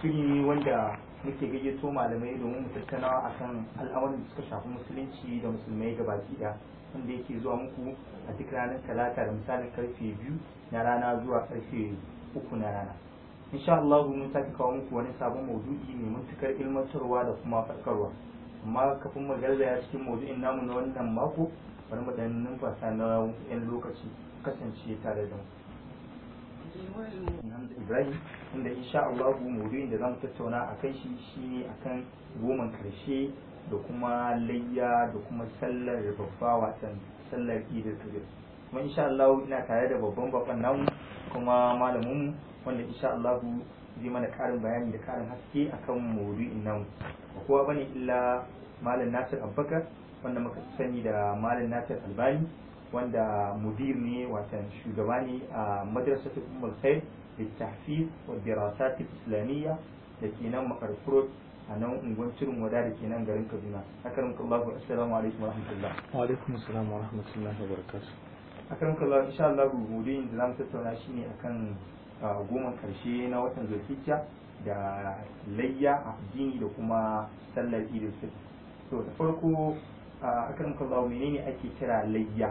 shiri ne wanda muke gayyato malamai domin mu a akan al'amuran da suka shafi musulunci da musulmai ga baki wanda yake zuwa muku a duk ranar talata da misalin karfe biyu na rana zuwa karfe uku na rana insha Allah mun sake kawo muku wani sabon maudu'i mai matukar ilmantarwa da kuma farkarwa amma kafin mu garzaya cikin maudu'in namu na wannan mako bari mu dan numfasa na yan lokaci kasance tare da mu Ibrahim inda insha Allah maudu'in da mu tattauna a kai shi shine akan goma karshe da kuma layya da kuma sallar babba watan sallar Idul Fitr. Kuma insha Allah ina tare da babban babban namu kuma malamin mu wanda insha Allah zai mana karin bayani da karin haske akan maudu'in namu. Ba kowa bane illa Malam Nasir Abubakar wanda muka sani da Malam Nasir Albani wanda mudir ne watan shugaba ne a madrasatul ummul khair littahfiz wa ta islamiyya da ke nan makarfurot a nan unguwar cirin wada da ke nan garin kaduna akarin kallahu assalamu alaikum warahmatullah wa alaikum assalam wa rahmatullah wa barakatuh akarin kallahu insha Allah gobe da zamu tattauna shine akan goma karshe na watan zulhijja da layya a addini da kuma sallar idul fitr to da farko a akan kallahu menene ake kira layya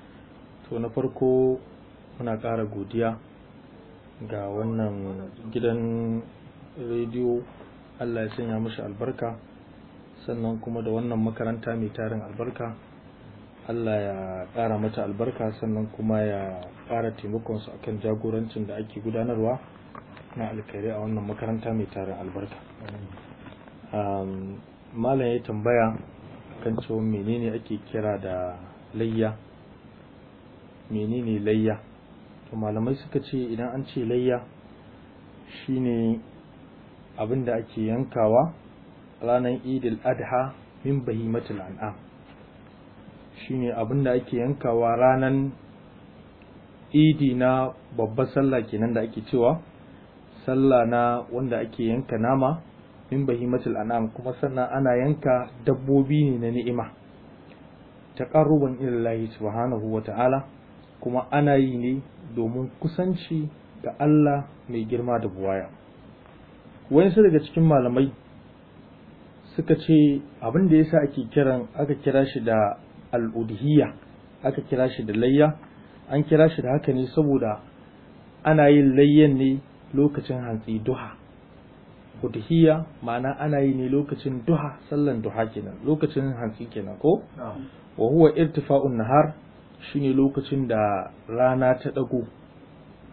so na farko muna ƙara godiya ga wannan gidan rediyo allah ya sanya mashi albarka sannan kuma da wannan makaranta mai tarin albarka allah ya ƙara mata albarka sannan kuma ya ƙara taimakonsu akan jagorancin da ake gudanarwa na alkhairi a wannan makaranta mai tarin albarka um, malam ya tambaya kan cewa menene ake kira da layya menene layya to malamai suka ce idan an ce layya shine abin da ake yankawa ranar idil adha min bahimatul an'am shine abin da ake yankawa ranan idi na babbar sallah kenan da ake cewa sallah na wanda ake yanka nama min bahimatul an'am kuma sannan ana yanka dabbobi ne na ni'ima taqarruban ila Allah subhanahu wa ta'ala kuma ana yi ne domin kusanci da Allah mai girma da buwaya wayansu daga cikin malamai suka ce abin da ya sa ake kiran aka kira shi da al'udhiyya aka kira shi da layya an kira shi da haka ne saboda ana yin layyan ne lokacin hantsi duha udhiyya ma'ana ana yi ne lokacin duha sallan duha kenan lokacin hantsi kenan ko wa huwa irtifa'un nahar shine lokacin da rana ta ɗago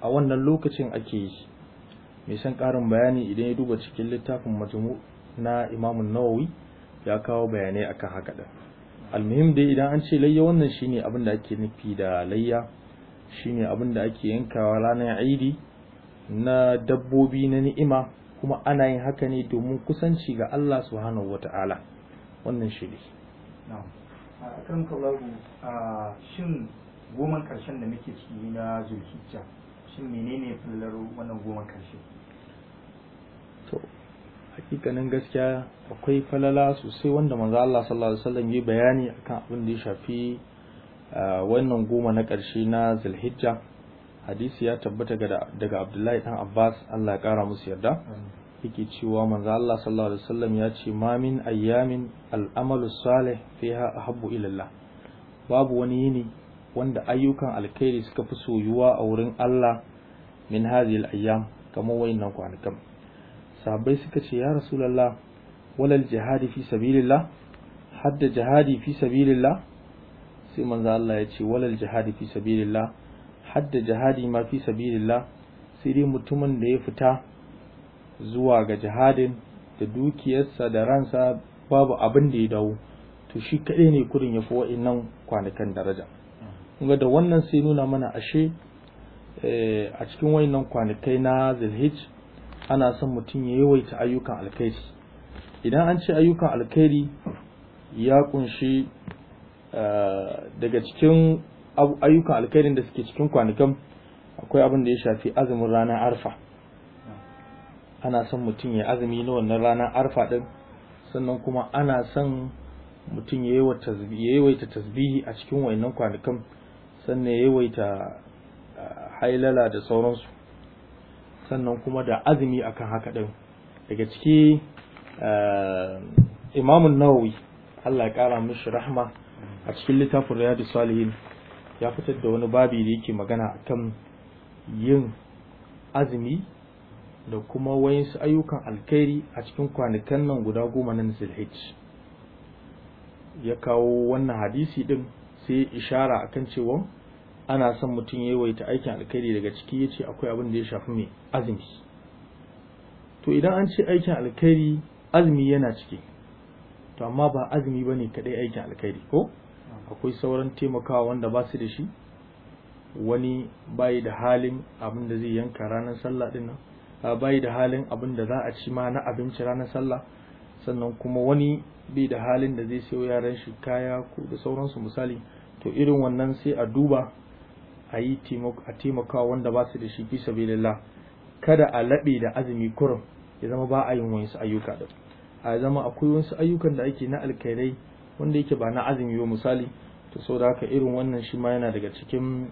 a wannan lokacin ake yi mai san ƙarin bayani idan ya duba cikin littafin majmu na imamun nawawi ya kawo bayanai akan haka ɗin almuhim dai idan an ce layya wannan shine abin da ake nufi da layya shine abin da ake yankawa ranar aidi na dabbobi na ni'ima kuma ana yin haka ne domin kusanci ga Allah subhanahu wata'ala wannan shi ne kan kaularu a shin goman karshen da muke ciki na zulhijja shin menene fallar wannan goman karshe to hakikanin gaskiya akwai falala sosai wanda manzo Allah sallallahu alaihi wasallam ya bayani akan abin da ya shafi wannan goma na karshe na zulhijja hadisi ya tabbata daga Abdullahi dan Abbas Allah ya kara musu yarda yake cewa manzo Allah sallallahu alaihi wasallam ya ce ma min ayyamin al'amalu salih fiha ahabbu ila ilalla. babu wani yini wanda ayyukan alkhairi suka fi soyuwa a wurin Allah min hadhihi al-ayyam kamar wayannan kwanakan sahabbai suka ce ya rasulullah walal jihadi fi sabilillah hadda jihadi fi sabilillah sai manzo Allah ya ce walal jihadi fi sabilillah hadda jihadi ma fi sabilillah sai dai mutumin da ya fita zuwa ga jihadin da dukiyarsa da ransa babu abin da ya dawo to shi kaɗai ne kudin ya fi wa'innan kwanakan daraja kuma da wannan sai nuna mana ashe eh, a cikin wa'innan kwanakai na zilhij ana son mutum ya yawaita ayyukan alkhairi idan an ce ayyukan alkhairi ya kunshi eh, daga cikin ayyukan alkhairin da suke cikin kwanakan akwai abin da ya shafi azumin ranar arfa ana son mutum ya azumi na wannan ranar arfa din sannan kuma ana son mutum ya yawaita tasbihi a cikin wannan kwanakan sannan ya yawaita hailala da sauransu sannan kuma da azumi akan haka din daga ciki imamun nawawi Allah ya kara mishi rahma a cikin littafin riyadu salihin ya fitar da wani babi da yake magana a kan yin azumi da kuma wayansu ayyukan alkhairi a cikin kwanakan nan guda goma na zilhij ya kawo wannan hadisi din sai ishara akan cewa ana son mutum ya yawaita aikin alkhairi daga ciki yace akwai abin da ya shafi mai azumi to idan an ce aikin alkhairi azumi yana ciki to amma ba azumi ba ne kadai aikin alkhairi ko akwai sauran taimakawa wanda ba su da shi wani bayi da halin abin da zai yanka ranar sallah din nan bai da halin abin da za a ci ma na abinci ranar sallah sannan kuma wani bai da halin da zai sayo yaran shi kaya ko da sauransu misali to irin wannan sai a duba a yi a taimakawa wanda ba su da shi bisa sabilillah kada a laɓe da azumi kurum ya zama ba a yin wasu ayyuka da a zama akwai wasu ayyukan da ake na alkhairai wanda yake ba na azumi ba misali to da haka irin wannan shi ma yana daga cikin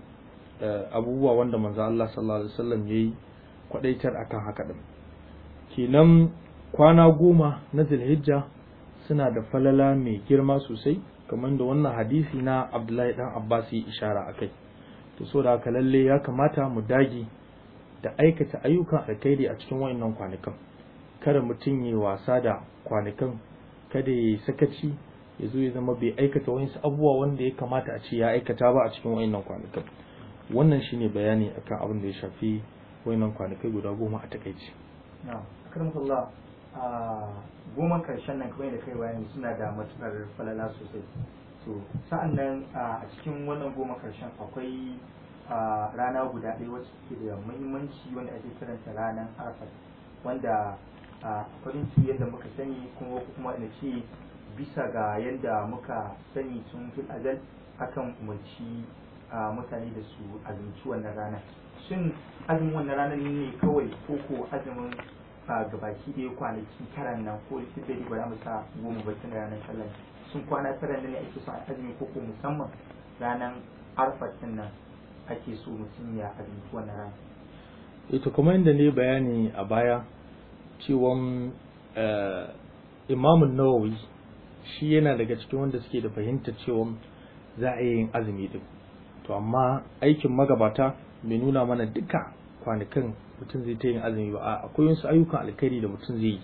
eh, abubuwa wanda manzo Allah sallallahu alaihi wasallam yayi kwadaitar akan haka din kenan kwana goma na zulhijja suna da falala mai girma sosai kamar da wannan hadisi na abdullahi dan abbas ya ishara akai to so da haka lalle ya kamata mu dage da aikata ayyukan alkhairi a cikin wayannan kwanakan kada mutum ya wasa da kwanakan kada ya sakaci ya zo ya zama bai aikata wani abubuwa wanda ya kamata a ce ya aikata ba a cikin wayannan kwanakan wannan shine bayani akan abin da ya shafi wannan kwanakai guda goma a takaici akramakallah a goma karshen nan kamar da kai bayani suna da matukar falala sosai to sa'an nan a cikin wannan goma karshen akwai rana guda ɗaya wacce ke da muhimmanci wanda ake kiranta ranar arafat wanda a su yadda muka sani kuma kuma na ce bisa ga yadda muka sani sun fil azal akan umarci mutane da su azumci wannan ranar shin azumin wannan ranar ne kawai ko ko azumin gabaki ɗaya kwanaki karan nan ko duk da ba za sa goma ba tun ranar sallah sun kwana tara ne ake so azumi ko ko musamman ranar arfat nan ake so mutum ya azumci wannan ranar ita kuma inda ne bayani a baya cewan eh, imamun nawawi shi yana daga cikin wanda suke da fahimtar cewa za a yi azumi din to amma aikin magabata mai nuna mana duka kwanakan mutum zai ta yin azumi ba akwai wasu ayyukan alkhairi da mutum zai yi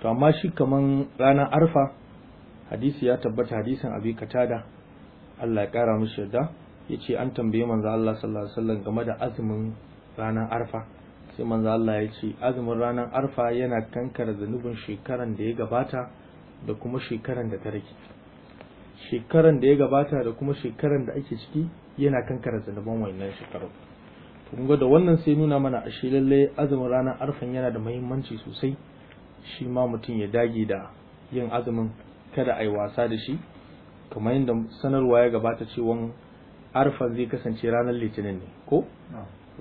to amma shi kamar ranar arfa hadisi ya tabbata hadisin abi katada Allah ya kara mishi ya ce an tambaye manzo Allah sallallahu alaihi wasallam game da azumin ranar arfa sai manzo Allah ya ce azumin ranar arfa yana kankara zanubin shekaran da ya gabata da kuma shekaran da ta rage shekaran da ya gabata da kuma shekaran da ake ciki yana kankara zunuban wannan shekaru kun da wannan sai nuna mana ashe lalle azumin ranar arfan yana da muhimmanci sosai shi ma mutum ya dage da yin azumin kada a yi wasa da shi kamar yadda sanarwa ya gabata cewa arfan zai kasance ranar litinin ne ko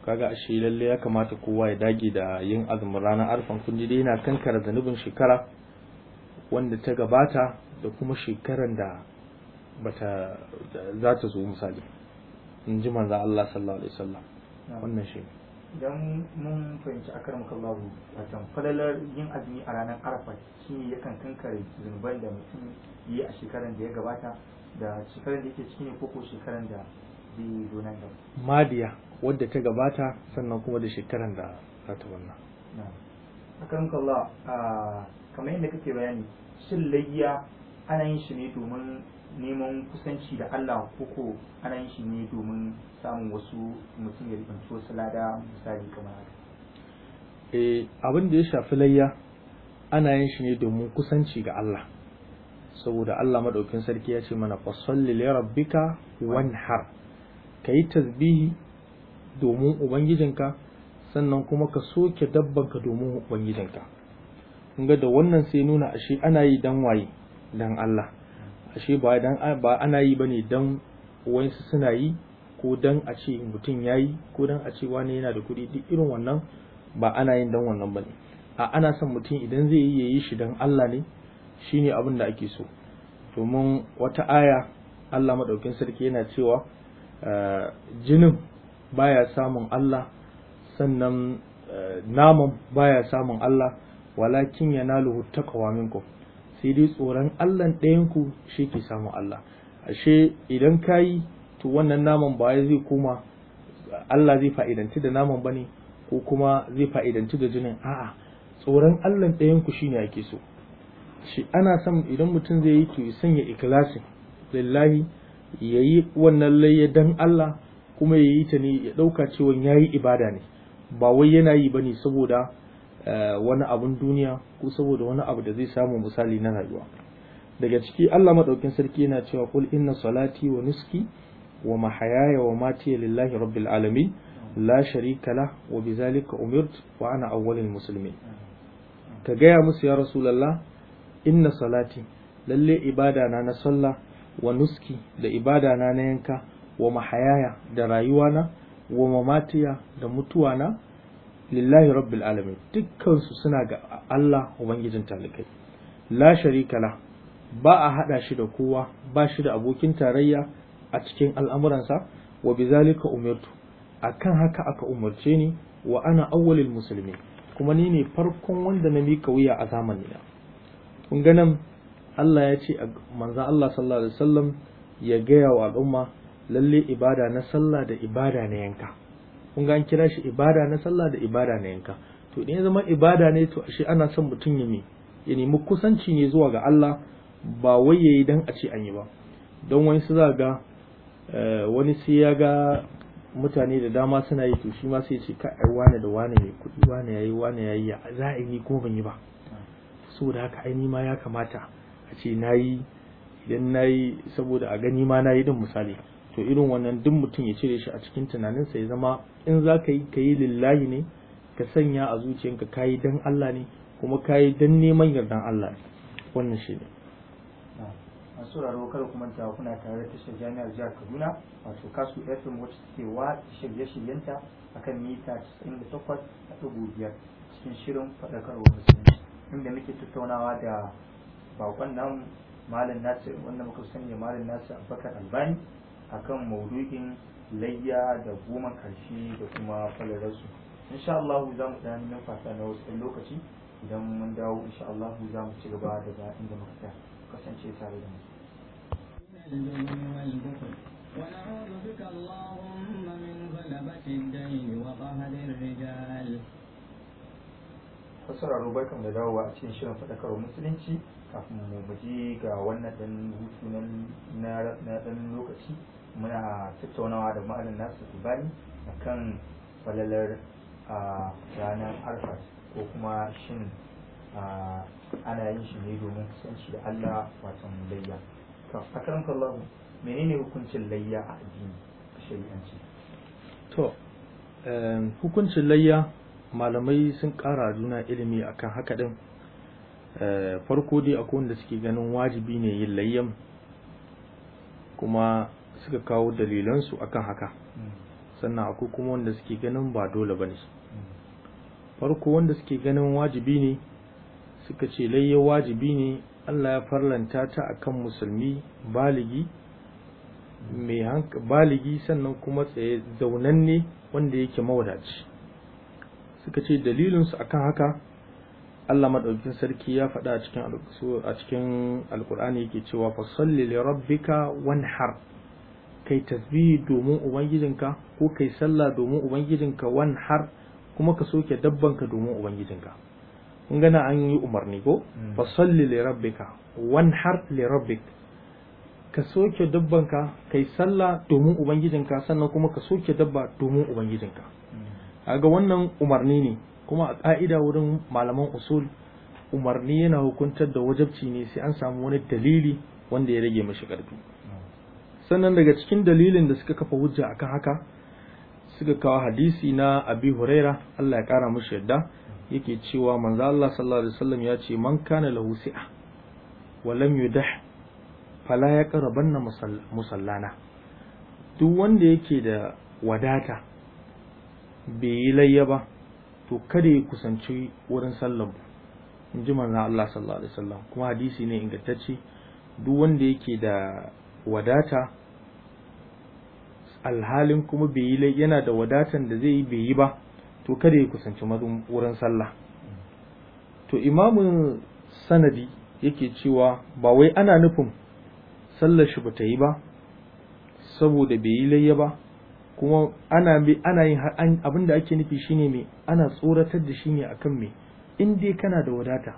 kaga ashe lalle ya kamata kowa ya dage da yin azumin ranar arfan kun ji dai yana kankara zanubin shekara wanda ta gabata da kuma shekaran da bata za ta zo misali in ji manza Allah sallallahu alaihi wasallam wannan shi dan mun fahimci akar makallahu wato falalar yin azumi a ranar arafa ne yakan kankare zunuban da mutum yi a shekaran da ya gabata da shekaran da yake ciki ne koko shekaran da zai zo nan da madiya wadda ta gabata sannan kuma da shekaran da za ta wannan Akarin makallahu kamar yadda kake bayani shin layya ana yin shi ne domin neman kusanci da Allah koko ana yin shi ne domin samun wasu mutum ya ribanci wasu lada misali kamar haka eh abin da ya shafi layya ana yin shi ne domin kusanci ga Allah saboda Allah maɗaukin sarki ya ce mana fasalli li rabbika Ka yi tasbihi domin ubangijinka sannan kuma ka soke dabbanka domin ubangijinka kun ga da wannan sai nuna ashe ana yi dan waye dan Allah ashe ba dan ba ana yi bane dan wayansu suna yi ko dan a ce mutum yayi ko dan a ce wani yana da kuɗi duk irin wannan ba ana yin dan wannan bane a ana son mutum idan zai yi yayi shi dan Allah ne shine abin da ake so domin wata aya Allah madaukin sarki yana cewa eh, jinin baya samun Allah sannan eh, naman baya samun Allah walakin yanaluhu taqwa minkum sai dai tsoron Allah ɗayanku shi ke samu Allah ashe idan kayi to wannan naman ba zai koma Allah zai fa'idanci da naman ba ne ko kuma zai fa'idanci da jinin a'a tsoron Allah ɗayan ku shine ake so shi ana son idan mutum zai yi to ya sanya ikhlasi lillahi yi wannan layya dan Allah kuma ya yi ta ne ya ɗauka cewa yi ibada ne ba wai yana yi ba ne saboda Eh, wani abun duniya ko saboda wani abu da zai samu misali na rayuwa daga ciki Allah madaukin sarki yana cewa kul inna salati wa nuski wa mahayaya wa mati lillahi rabbil alamin la sharika la wa bizalika umirtu wa ana awwalul muslimin ka gaya musu ya rasulullah inna salati lalle ibada na na sallah wa nuski da ibada na na yanka wa mahayaya da rayuwana wa mamatiya da mutuwana lillahi rabbil alamin dukkan su suna ga Allah ubangijin talikai la sharika la ba a hada shi da kowa ba shi da abokin tarayya a cikin al'amuransa wa bizalika umirtu akan haka aka umarce ni wa ana awwalil muslimin kuma ni ne farkon wanda na mika wuya a na. kun ga nan Allah ya ce manzo Allah sallallahu alaihi wasallam ya gaya wa al'umma lalle ibada na sallah da ibada na yanka kun ga an kira shi ibada na sallah da ibada na yanka to idan ya zama ibada ne to ashe ana son mutum ya ya nemi kusanci ne zuwa ga Allah ba wai yayi dan a ce an yi ba don wani su zaga eh, wani sai ya ga mutane da dama suna yi to shi ma sai ce kai ai da wani ne kuɗi wani yayi wani yayi ya za a yi kuma ban yi ba saboda haka ai ma ya kamata a ce nayi idan nayi saboda a gani ma nayi din misali to irin wannan duk mutum ya cire shi a cikin tunaninsa ya zama in za ka yi ka yi lillahi ne ka sanya a zuciyanka ka yi dan Allah ne kuma ka yi dan neman yardan Allah ne wannan shi ne a sauraro kada ku ta kuna tare da tashar jami'ar jihar Kaduna wato kasu FM wacce ke wa shirye-shiryenta akan mita 98.5 cikin shirin faɗakarwa musulunci inda muke tattaunawa da bakon nan malam nasir wanda muka sanya malam nasir abubakar albani akan maudu'in layya da goma karshe da kuma falararsu insha Allah za mu tsaya nan fasa na wasu lokaci idan mun dawo insha Allah za mu ci gaba ga inda muka tsaya kasance tare da mu ونعوذ بك اللهم من غلبة الدين وقهر الرجال fasararru barkan da dawowa a cikin shirin faɗakarwa musulunci kafin mu ji ga wannan ɗan hutu na ɗan lokaci muna tattaunawa da ma'anin nasu ibani kan falalar ranar arfas ko kuma shin ana yin shi ne domin kusanci da allah watan layya a karan kallon menene hukuncin layya a addini a shari'anci to hukuncin layya malamai sun kara juna ilimi akan haka din eh, farko dai akwai wanda suke ganin wajibi ne yin layyan kuma suka kawo dalilansu akan haka hmm. sannan akwai kuma wanda suke ganin ba dole ba ne hmm. farko wanda suke ganin wajibi ne suka ce layya wajibi ne Allah ya farlanta ta akan musulmi baligi mai baligi sannan kuma tsaye ne wanda yake mawadaci suka ce dalilinsu akan haka Allah maɗaukin sarki ya faɗa a cikin a cikin alkur'ani yake cewa fasalli li rabbika wanhar kai tasbihi domin ubangijinka ko kai sallah domin ubangijinka wan har kuma ka soke dabbanka domin ubangijinka kun gana an yi umarni ko hmm. fa salli li rabbika wan har li rabbik ka soke dabbanka kai sallah domin ubangijinka sannan kuma ka soke dabba domin ubangijinka hmm. kaga wannan umarni ne kuma a ka'ida wurin malaman usul umarni yana hukuntar da wajabci ne sai an samu wani dalili wanda ya rage mashi ƙarfi sannan daga cikin dalilin da suka kafa hujja akan haka suka kawo hadisi na abi huraira Allah ya kara mushi yadda yake cewa manzo Allah sallallahu alaihi wasallam ya ce man kana lahu si'a wa lam yudah fala ya musallana duk wanda yake da wadata bai yi layya ba to kada ya kusanci wurin ba in ji manzo Allah sallallahu alaihi wasallam kuma hadisi ne ingantacce duk wanda yake da wadata alhalin kuma bai yi yana da wadatan da zai yi bai yi ba to kada ya kusanci wurin sallah to imamun sanadi yake cewa ba wai ana nufin sallar shi ba ta yi ba saboda bai yi layya ba kuma ana ana yin abin da ake nufi shine me ana tsoratar da shi ne akan me in dai kana da wadata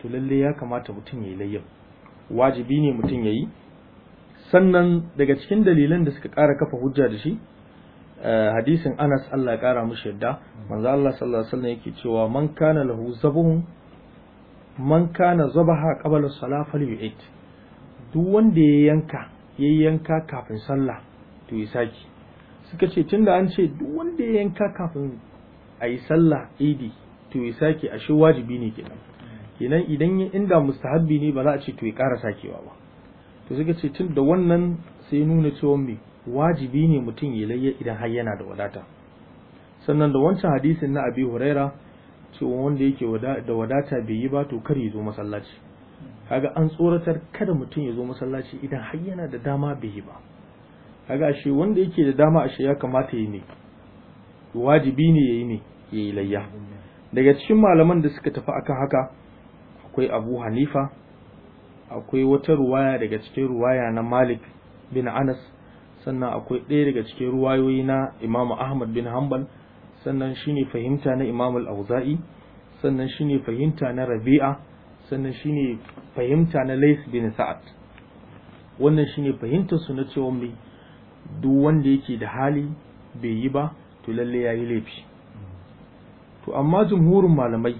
to lalle ya kamata mutum ya yi wajibi ne mutum ya yi sannan daga cikin dalilan da suka ƙara kafa hujja da shi eh, hadisin Anas Allah ya ƙara mushi yadda manzo Allah sallallahu alaihi wasallam yake cewa man kana lahu zabuhun man kana zabaha qabla duk wanda ya yanka ya yanka kafin sallah to ya saki suka ce tunda an ce duk wanda ya yanka kafin ayi sallah idi to ya saki ashe wajibi ne kenan kenan idan inda mustahabbi ne ba za a ce to ya ƙara sakewa ba to suka ce tun da wannan sai nuna cewa me wajibi ne mutum ya layya idan har yana da wadata sannan da wancan hadisin na abi huraira cewa wanda yake da wadata bai yi ba to kar ya zo masallaci kaga an tsoratar kada mutum ya zo masallaci idan har yana da dama bai yi ba kaga ashe wanda yake da dama ashe ya kamata ya ne wajibi ne yayi ne yayi layya daga cikin malaman da suka tafi akan haka akwai Abu Hanifa akwai wata ruwaya daga cikin ruwaya na Malik bin Anas sannan akwai ɗaya daga cikin ruwayoyi na Imam Ahmad bin Hanbal sannan shine fahimta na Imam Al-Auza'i sannan shine fahimta na Rabi'a sannan shine fahimta na Lais bin Sa'ad wannan shine fahimtar su na cewa mai duk wanda yake da hali bai yi ba to lalle yayi laifi to amma jumhurin malamai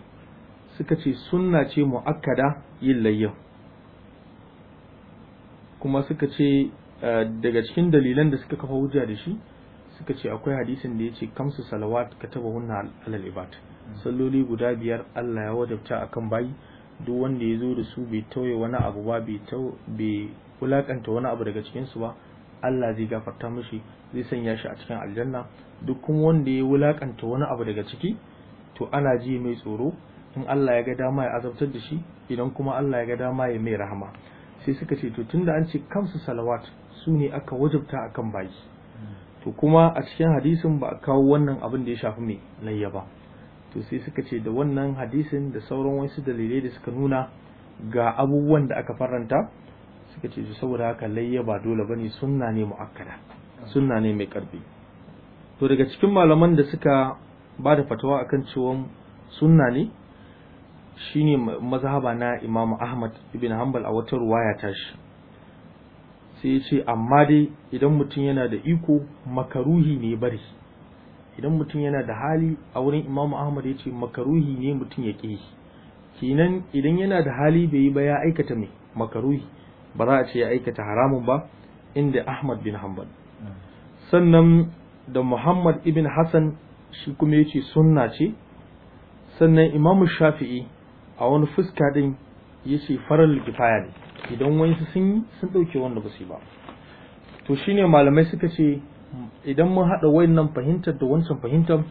suka ce sunna ce mu'akkada yin layyau kuma suka ce eh, daga cikin dalilan da suka kafa hujja da shi suka ce akwai hadisin da ya ce kamsu salawat ka taba hunna alal ibad salloli guda biyar Allah ya wadabta akan bayi duk wanda ya zo da su bai tauye wani abu ba bai wulakanta wani abu daga cikinsu ba Allah zai gafarta mishi zai sanya shi a cikin aljanna duk kuma wanda ya wulakanta wani abu daga ciki to ana ji mai tsoro in Allah ya ga dama ya azabtar da shi idan kuma Allah ya ga dama ya mai rahama sai suka ce to tunda an ce kamsu salawat su ne aka wajabta akan baki to kuma a cikin hadisin ba a kawo wannan abin da ya shafi mai layya ba to sai suka ce da wannan hadisin da sauran wasu dalilai da suka nuna ga abubuwan da aka faranta suka ce su saboda haka layya ba dole bane sunna ne muakkada sunna ne mai karfi to daga cikin malaman da suka ba da fatawa akan cewa sunna ne shine mazhaba na Imam Ahmad ibn Hanbal a wata ruwaya ta shi sai ce amma dai idan mutum yana da iko makaruhi ne bari idan mutum yana da hali a wurin Imam Ahmad yace makaruhi ne mutum ya ƙi Kenan idan yana da hali bai yi ba ya aikata mai makaruhi ba za a ce ya aikata haramun ba inda Ahmad bin Hanbal sannan da Muhammad ibn Hassan shi kuma yace sunna ce sannan Imam Shafi'i a wani fuska din ce faral kifaya ne idan wani sun yi sun dauke wanda ba su yi ba to shine malamai suka ce idan mun haɗa wayannan fahimtar da wancan fahimtar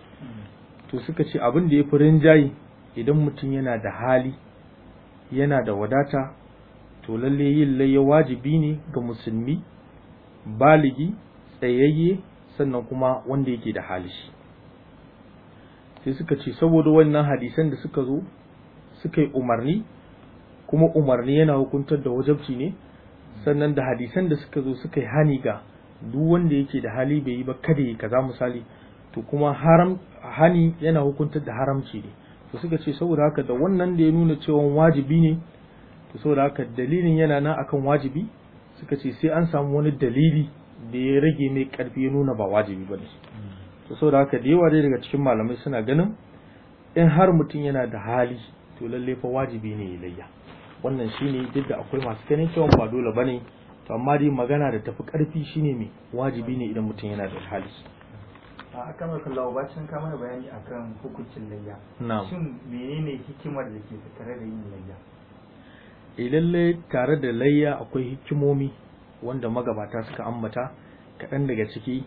to suka ce abin da ya fi rinjayi idan mutum yana da hali yana da wadata to lalle yin laye wajibi ne ga musulmi baligi tsayayye sannan kuma wanda yake da hali sai suka ce saboda wannan hadisan da suka zo suka yi umarni kuma umarni yana hukuntar da wajabci ne sannan da hadisan da suka zo suka yi hani ga duk wanda yake da hali bai yi ba kada yi kaza misali to kuma haram hani yana hukuntar da haramci ne to suka ce saboda haka da wannan da ya nuna cewa wajibi ne to saboda haka dalilin yana nan akan wajibi suka ce sai an samu wani dalili da ya rage mai karfi ya nuna ba wajibi bane to saboda haka da yawa daga cikin malamai suna ganin in har mutum yana da hali to lalle fa wajibi ne layya wannan shine duk da akwai masu ganin cewa ba dole bane to amma dai magana da tafi karfi shine me wajibi ne idan mutum yana da hali a kan kallawa bacin ka mana bayani akan hukuncin layya shin menene hikimar da ke tare da yin layya e lalle tare da layya akwai hikimomi wanda magabata suka ambata kaɗan daga ciki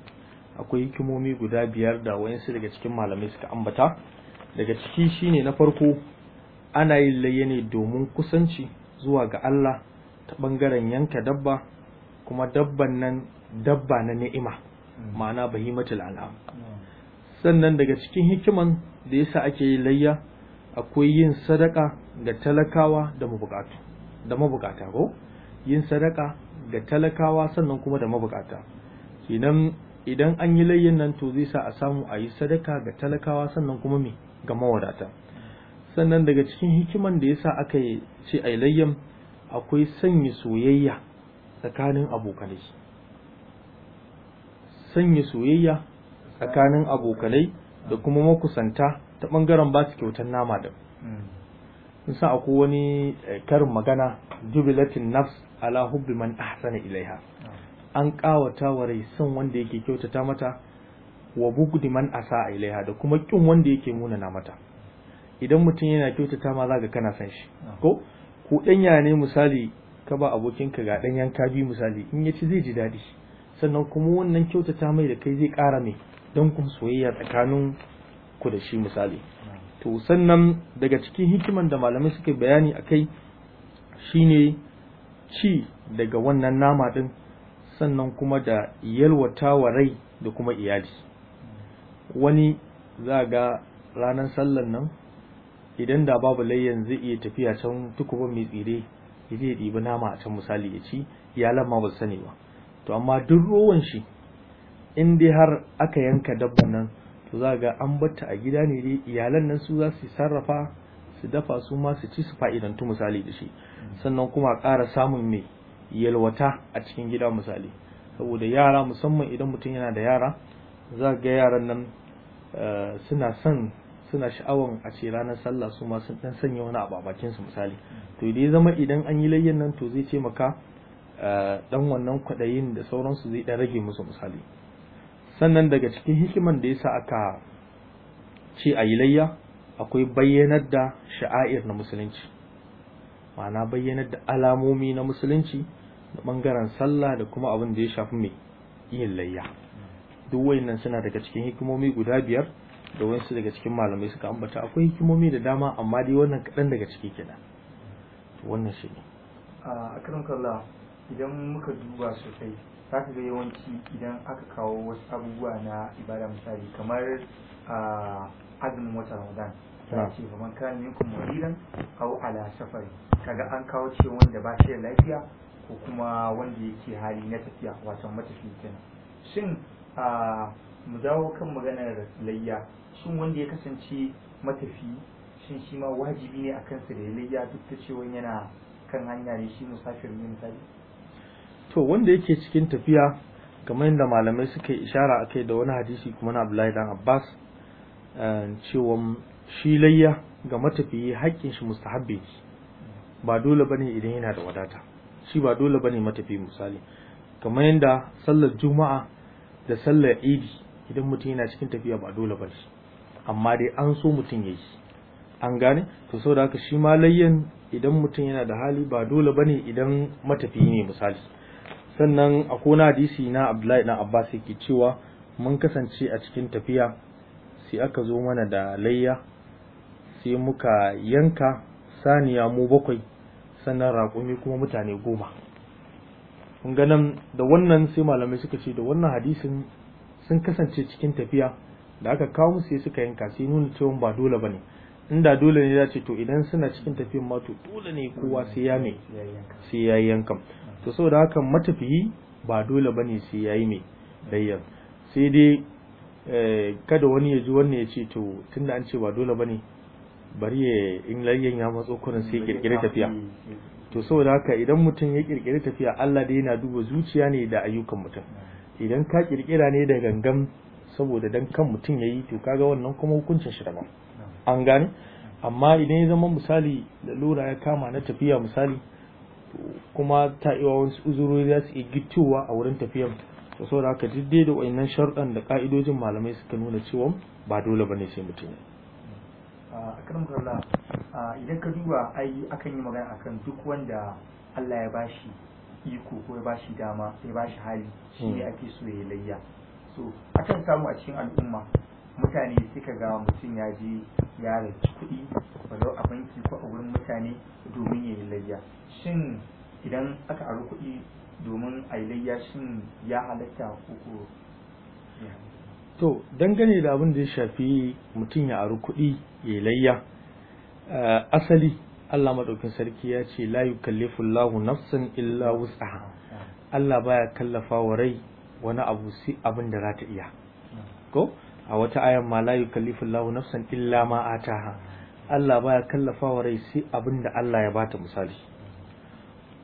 akwai hikimomi guda biyar da wayansu daga cikin malamai suka ambata daga ciki shine na farko ana yin layya ne domin kusanci zuwa ga Allah ta bangaren yanka dabba kuma dabban nan dabba na ni'ima ma'ana bahimatul al'am sannan daga cikin hikiman da yasa ake yin layya akwai yin sadaka ga talakawa da mabukatu da mabukata ko yin sadaka ga talakawa sannan kuma da mabukata kenan idan an yi layyan nan to zai sa a samu a yi sadaka ga talakawa sannan kuma me ga mawadata sannan daga cikin hikiman da yasa aka ce ai layyam akwai sanya soyayya tsakanin abokanai sanya soyayya tsakanin abokanai da kuma makusanta ta bangaren ba su kyautar nama da mm. sa akwai wani eh, karin magana jubilatin nafs ala hubbi man ahsana ilaiha mm. an kawata wa rai son wanda yake kyautata mata wa bugdi man asa ilaiha da kuma kin wanda yake na mata idan mutum yana kyautata ma za ka kana san shi ko ku danya ne misali ka ba abokinka ga danyen kaji misali in ya ci zai ji daɗi sannan kuma wannan kyautata mai da kai zai ƙara mai don kun soyayya tsakanin ku da shi misali to sannan daga cikin hikiman da malamai suke bayani a kai shine ci daga wannan nama ɗin sannan kuma da yalwata wa rai da kuma iyali wani za ga ranar sallan nan idan da babu layyan zai iya tafiya can tukuba mai tsire ya je ɗibi nama a can misali ya ci iyalan ma ba su sani ba to amma duk rowan shi in dai har aka yanka dabban nan to za ga an batta a gida ne dai iyalan nan su za su sarrafa su dafa su ma su ci su fa'idantu misali da shi sannan kuma a ƙara samun mai yalwata a cikin gida misali saboda yara musamman idan mutum yana da yara za ga yaran nan eh, suna son suna sha'awan a ce ranar sallah su ma sun dan sanya wani abu a bakin su misali to idan zama idan an yi layyan nan to zai ce maka dan wannan kwaɗayin da sauransu zai dan rage musu misali sannan daga cikin hikiman da yasa aka ce a yi layya akwai bayyanar da sha'air na musulunci ma'ana bayyanar da alamomi na musulunci da bangaren sallah da kuma abin da ya shafi mai yin layya duk wayannan suna daga cikin hikimomi guda biyar da wasu daga cikin malamai suka ambata akwai hikimomi da dama amma dai wannan kaɗan daga ciki kenan wannan shi ne a karin kalla idan muka duba sosai za ka ga yawanci idan aka kawo wasu abubuwa na ibada misali kamar azumin watan ramadan ta ce ba man yin minkum maridan ala safari kaga an kawo ce wanda ba shi da lafiya ko kuma wanda yake hali na tafiya wato matafiya kenan shin mu dawo kan maganar layya shin wanda ya kasance matafi shin shi ma wajibi ne a kansa da layya duk da cewa yana kan hanya ne shi musafir ne misali to wanda yake cikin tafiya kamar yadda malamai suka yi ishara kai da wani hadisi kuma na Abdullahi dan Abbas eh, cewa shi layya ga matafiyi haƙƙin shi mustahabbi ba dole bane idan yana da wadata shi ba dole bane matafi misali kamar yadda sallar juma'a da sallar idi idan mutum yana cikin tafiya ba dole ba shi amma dai an so mutum ya yi an gane to saboda haka shi ma layyan idan mutum yana da hali ba dole ba ne idan matafiya ne misali sannan a kona hadisi na abdullahi na abbas yake cewa mun kasance a cikin tafiya sai aka zo mana da layya sai muka yanka saniya mu bakwai sannan raƙumi kuma mutane goma kun ganin da wannan sai malamai suka ce da wannan hadisin sun kasance cikin tafiya da aka kawo musu sai suka yanka sai nuna cewa ba dole bane inda dole ne ya to idan suna cikin tafiyan ma to dole ne kowa sai ya mai sai ya yanka to saboda haka matafiyi ba dole bane sai ya yi mai bayyan sai dai eh, kada wani ya ji wannan ya ce to tunda an ce ba dole bane bari ya in layyan ya matso kurin sai kirkire tafiya to saboda haka idan mutum ya kirkire tafiya Allah dai yana duba zuciya ne da ayyukan mutum idan ka kirkira ne da gangan saboda dan kan mutum yi to kaga wannan kuma hukuncin shi daban an gane amma idan ya zama misali da lura ya kama na tafiya misali kuma ta iwa wasu uzurori za su iya gittowa a wurin tafiyar to saboda haka duk da wayannan sharɗan da ka'idojin malamai suka nuna cewa ba dole bane sai mutum ya a karin idan ka duba ai akan yi magana akan duk wanda Allah ya bashi iko ko ya shi dama ya shi hali shi ne hmm. ake so ya layya so akan samu a cikin al'umma mutane suka ga mutum ya je ya rage kuɗi walau a banki ko a wurin mutane domin ya yi layya shin idan aka aru kuɗi domin a yi layya shin ya halatta ko to dangane da abin da ya shafi mutum ya aru kuɗi ya yi layya eh, asali Allah madaukin sarki ya ce la yukallifu Allahu nafsan illa wus'aha Allah baya kallafa wa rai wani abu sai abin da za ta iya ko a wata ayan ma la yukallifu Allahu nafsan illa ma ataha Allah baya kallafa wa rai sai abin da Allah ya bata misali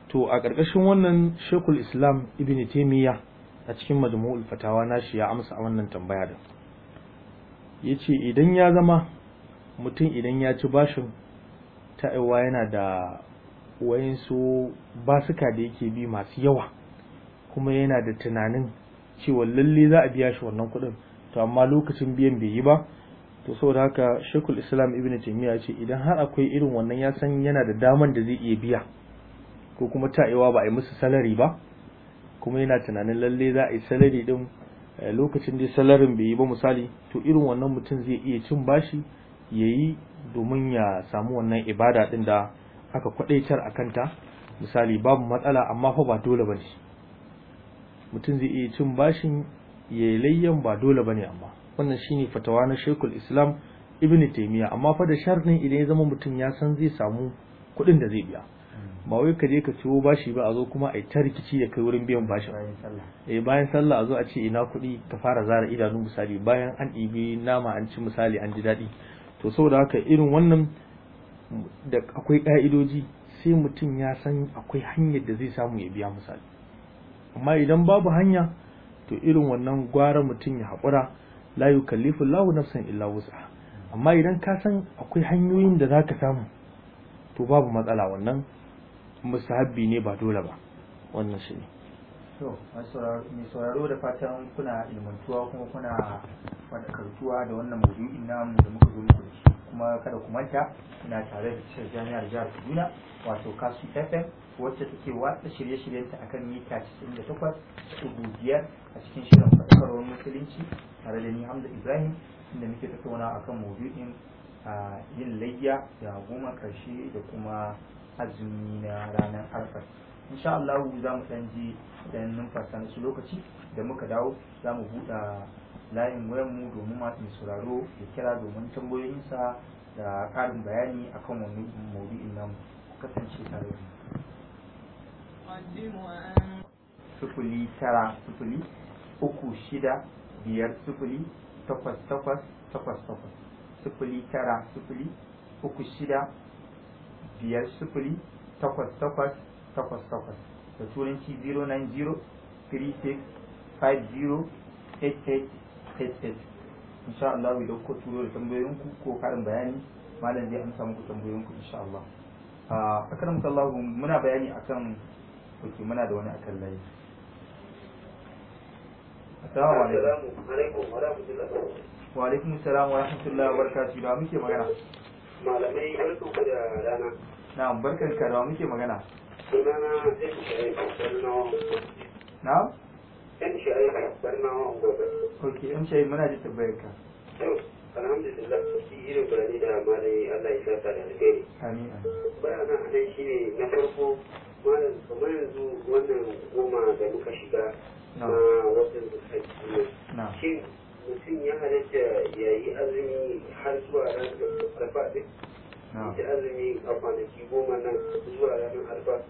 to a ƙarƙashin wannan Sheikhul Islam Ibn Taymiyyah a cikin majmu'ul fatawa nashi ya amsa wannan tambaya da yace idan ya zama mutum idan ya ci bashin ta'iwa yana da wayansu basuka da yake bi masu yawa kuma yana da tunanin cewa lalle za a biya shi wannan kuɗin to amma lokacin biyan bai yi ba to saboda haka shekul islam ibn taimiyya ce idan har akwai irin wannan ya san yana da daman da zai iya biya ko kuma ta'iwa ba a yi musu salari ba kuma yana tunanin lalle za a yi salari din eh, lokacin da salarin bai yi ba misali to irin wannan mutum zai iya cin bashi ya yi domin ya samu wannan ibada ɗin da aka kwadaitar a kanta misali babu matsala amma fa ba dole bane mutum zai iya cin bashin ya layyan ba dole bane amma wannan shine fatawa na Sheikhul Islam Ibn Taymiyyah amma fa da shar sharrin idan ya zama mutum ya san zai samu kuɗin da zai biya ba wai ka je ka ciwo bashi ba a zo kuma a yi ta rikici da kai wurin biyan bashin eh bayan sallah a zo a ce ina kuɗi ka fara zara idanu misali bayan an ɗibi nama an ci misali an ji daɗi to saboda haka irin wannan da akwai ƙa'idoji sai mutum ya san akwai hanyar da zai samu ya biya misali amma idan babu hanya to irin wannan gwara mutum ya haƙura la yukallifu Allahu nafsan illa wusa. amma idan ka san akwai hanyoyin da za ka samu to babu matsala wannan musabbi ne ba dole ba wannan shi ne to mai sauraro da fatan kuna ilmantuwa kuma kuna karatuwa da wannan maudu'in namu da muka zo muku shi kuma kada ku manta ina tare da tashar jami'ar jihar Kaduna wato kasu FM wacce take watsa shirye-shiryenta akan mita 98 biyar a cikin shirin fadakarwar musulunci tare da ni Hamza Ibrahim inda muke tattauna akan maudu'in yin layya da goma karshe da kuma azumi na ranar arfa insha Allah za mu san ji dan numfasa su lokaci da muka dawo za mu buɗa layin mu domin masu sauraro da kira domin tambayoyinsa da ƙarin bayani akan wani maudu'in namu kasance tare da mu sufuli tara sufuli uku shida biyar sufuli takwas takwas takwas takwas sufuli tara sufuli uku shida biyar sufuli takwas takwas takwas takwas da turanci 09036508888 36 50 insha Allah wai dauko turo da tambayoyinku ko karin bayani malam zai amsa muku tambayoyinku insha Allah a akram sallahu muna bayani akan wato muna da wani akan layi assalamu alaikum wa alaikum assalam wa rahmatullahi wa barakatuh da muke magana malamai barkan ku da rana na'am barkan ka da muke magana sunana ɗan shi na ɗan shi gobe ok ɗan shi muna ji tabbayar alhamdulillah shi irin bayani da malami Allah ya saka da alheri amin bayana a nan shi ne na farko malam kamar yanzu wannan goma da muka shiga na watan da shin mutum ya halatta ya yi azumi har zuwa ran da farfa da azumi a kwanaki goma nan zuwa ranar alba.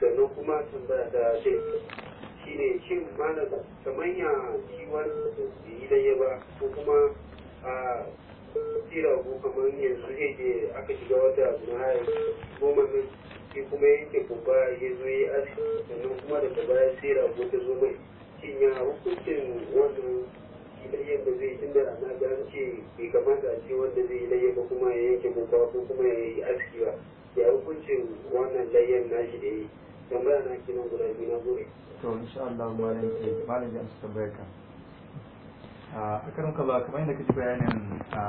sannan kuma tambaya da dai shi ne shin malam kamar ya ciwon da yi laye ba ko kuma a tsira ko kamar yanzu zai je aka shiga wata haya goma nan sai kuma yake gaba ya zo ya aski sannan kuma daga baya sai rago ta zo mai shin ya hukuncin wani. shi layyan da zai tun da rana ga an ce bai kamata a wanda zai layya ba kuma ya yanke kumba ko kuma ya yi aski ba ya hukuncin wannan layyan na shi da yi tambaya na kinan guda biyu na gode. to insha Allah malam sai malam ya amsa tambayar ka. a karin kaba kamar yadda kaji bayanin a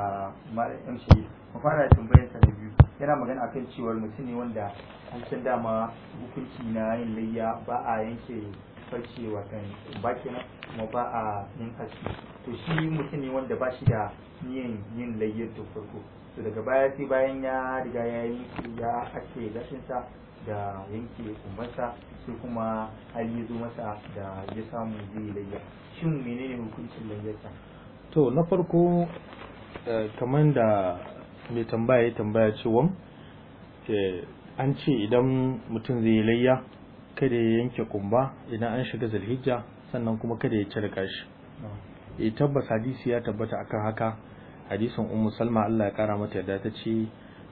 malam shi mu fara tambayar sa da biyu yana magana akan cewar mutum ne wanda an san dama hukunci na yin layya ba a yanke farce watan baki na kuma ba a yin aski to shi mutum ne wanda ba shi da niyan yin layyar da farko to daga baya sai bayan ya riga ya yi ya ake gashinsa da yanke kumbansa sai kuma hali ya zo masa da ya samu zai layya shin menene hukuncin layyarsa to na farko eh, kamar da mai tambaya ya tambaya cewa eh, an ce idan mutum zai layya kada ya yanke kumba idan an shiga zulhijja sannan kuma kada ya cire shi e eh, tabbas hadisi ya tabbata akan haka hadisin ummu salma Allah ya kara mata yadda ta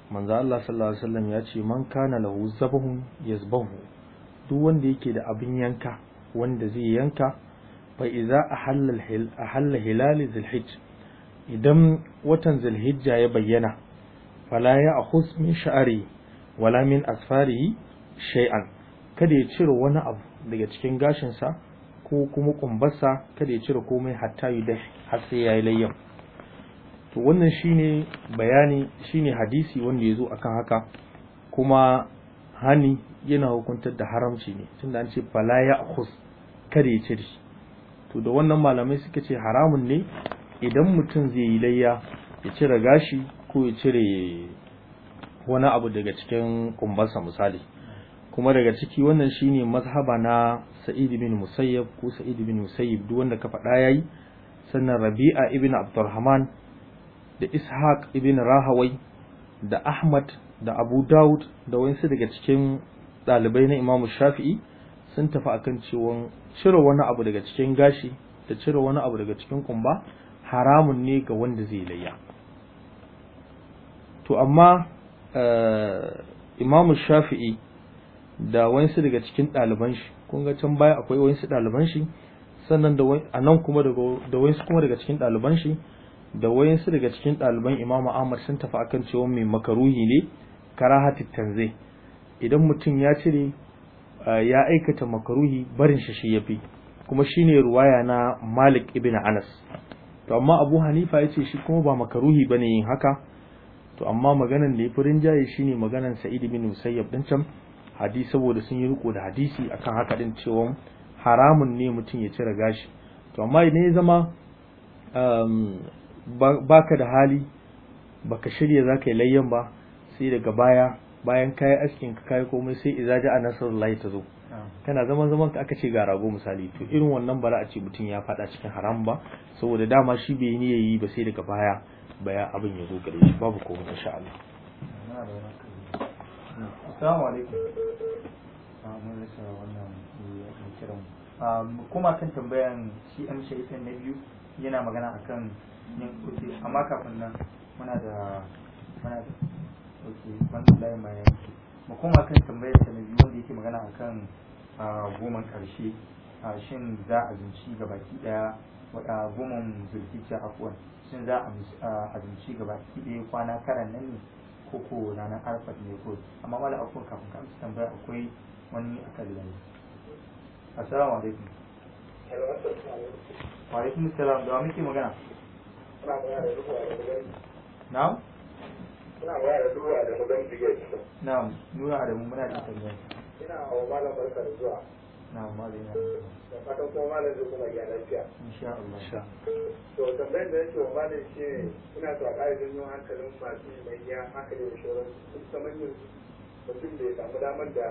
manzo Allah sallallahu alaihi wasallam ya ce man kana lahu zabahun yazbahu duk wanda yake da abin yanka wanda zai yanka fa idza ahalla hilal zulhijja idan watan zulhijja ya bayyana fala ya akhus min sha'ari wala min asfarihi shay'an kada ya cire wani abu daga cikin gashinsa ko kuma kumbarsa kada ya cire komai hatta yi da har sai ya yi layyan to wannan shine bayani shine hadisi wanda ya zo akan haka kuma hani yana hukuntar da haramci ne da an ce fala ya khus kada ya cire to da wannan malamai suka ce haramun ne idan mutum zai yi layya ya cire gashi ko ya cire wani abu daga cikin kumbarsa misali kuma daga ciki wannan shine mazhaba na Sa'id bin Musayyab ko Sa'id bin Musayyib duk wanda ka faɗa yayi sannan Rabi'a ibn Abdurrahman da Ishaq ibn Rahawai da Ahmad da Abu Dawud da wasu daga cikin ɗalibai na Imam Shafi'i sun tafi akan cewa cire wani abu daga cikin gashi da cire wani abu daga cikin kumba haramun ne ga wanda zai layya to amma eh, Imam Shafi'i da wayansu daga cikin ɗaliban shi kun ga can baya akwai wayansu ɗaliban shi sannan da a nan kuma da wayansu kuma daga cikin ɗaliban shi da wayansu daga cikin ɗaliban Imam Ahmad sun tafi akan cewa mai makaruhi ne karahati tanze idan mutum ya cire ya aikata makaruhi barin shi shi yafi kuma shine ruwaya na Malik ibn Anas to amma Abu Hanifa ya ce shi kuma ba makaruhi bane yin haka to amma maganan da ya fi rinjaye shine maganan Sa'id ibn Musayyab din can hadisi saboda sun yi riko da hadisi akan haka din cewa haramun ne mutum ya cire gashi to amma idan ya zama um, baka da hali baka shirya za ka yi layyan ba sai daga baya bayan kayi askin ka kai komai sai idza anasar lai ta zo kana zaman zaman ka aka ce ga rago misali to irin wannan bara a ce mutum ya fada cikin haram ba saboda dama shi bai ni yayi ba sai daga baya baya abin ya zo gare shi babu komai insha Allah assalamu alaikum mun rasa wannan akan kiran kuma kan tambayan shi CM Shaitan na biyu yana magana akan yin kuɗi amma kafin nan muna da muna da okay wannan layin ma yanki mu kuma kan tambayar ta na biyu wanda yake magana akan goma karshe shin za a zinci ga baki daya wada goman zulhijja afwan shin za a zinci ga baki daya kwana karan nan ne ko ko ranar arfat ne ko amma wala afwan kafin ka tambaya akwai wani a assalamu alaikum wa alaikum salam da muke magana na'am na'am nuna adamu muna da ina wa malam barka da zuwa malam da kuma kuma ya lafiya insha Allah insha to tambayar da yake wa malam shi ina a ƙara janyo hankalin masu mai ya hankali da shoran mutum da ya samu damar da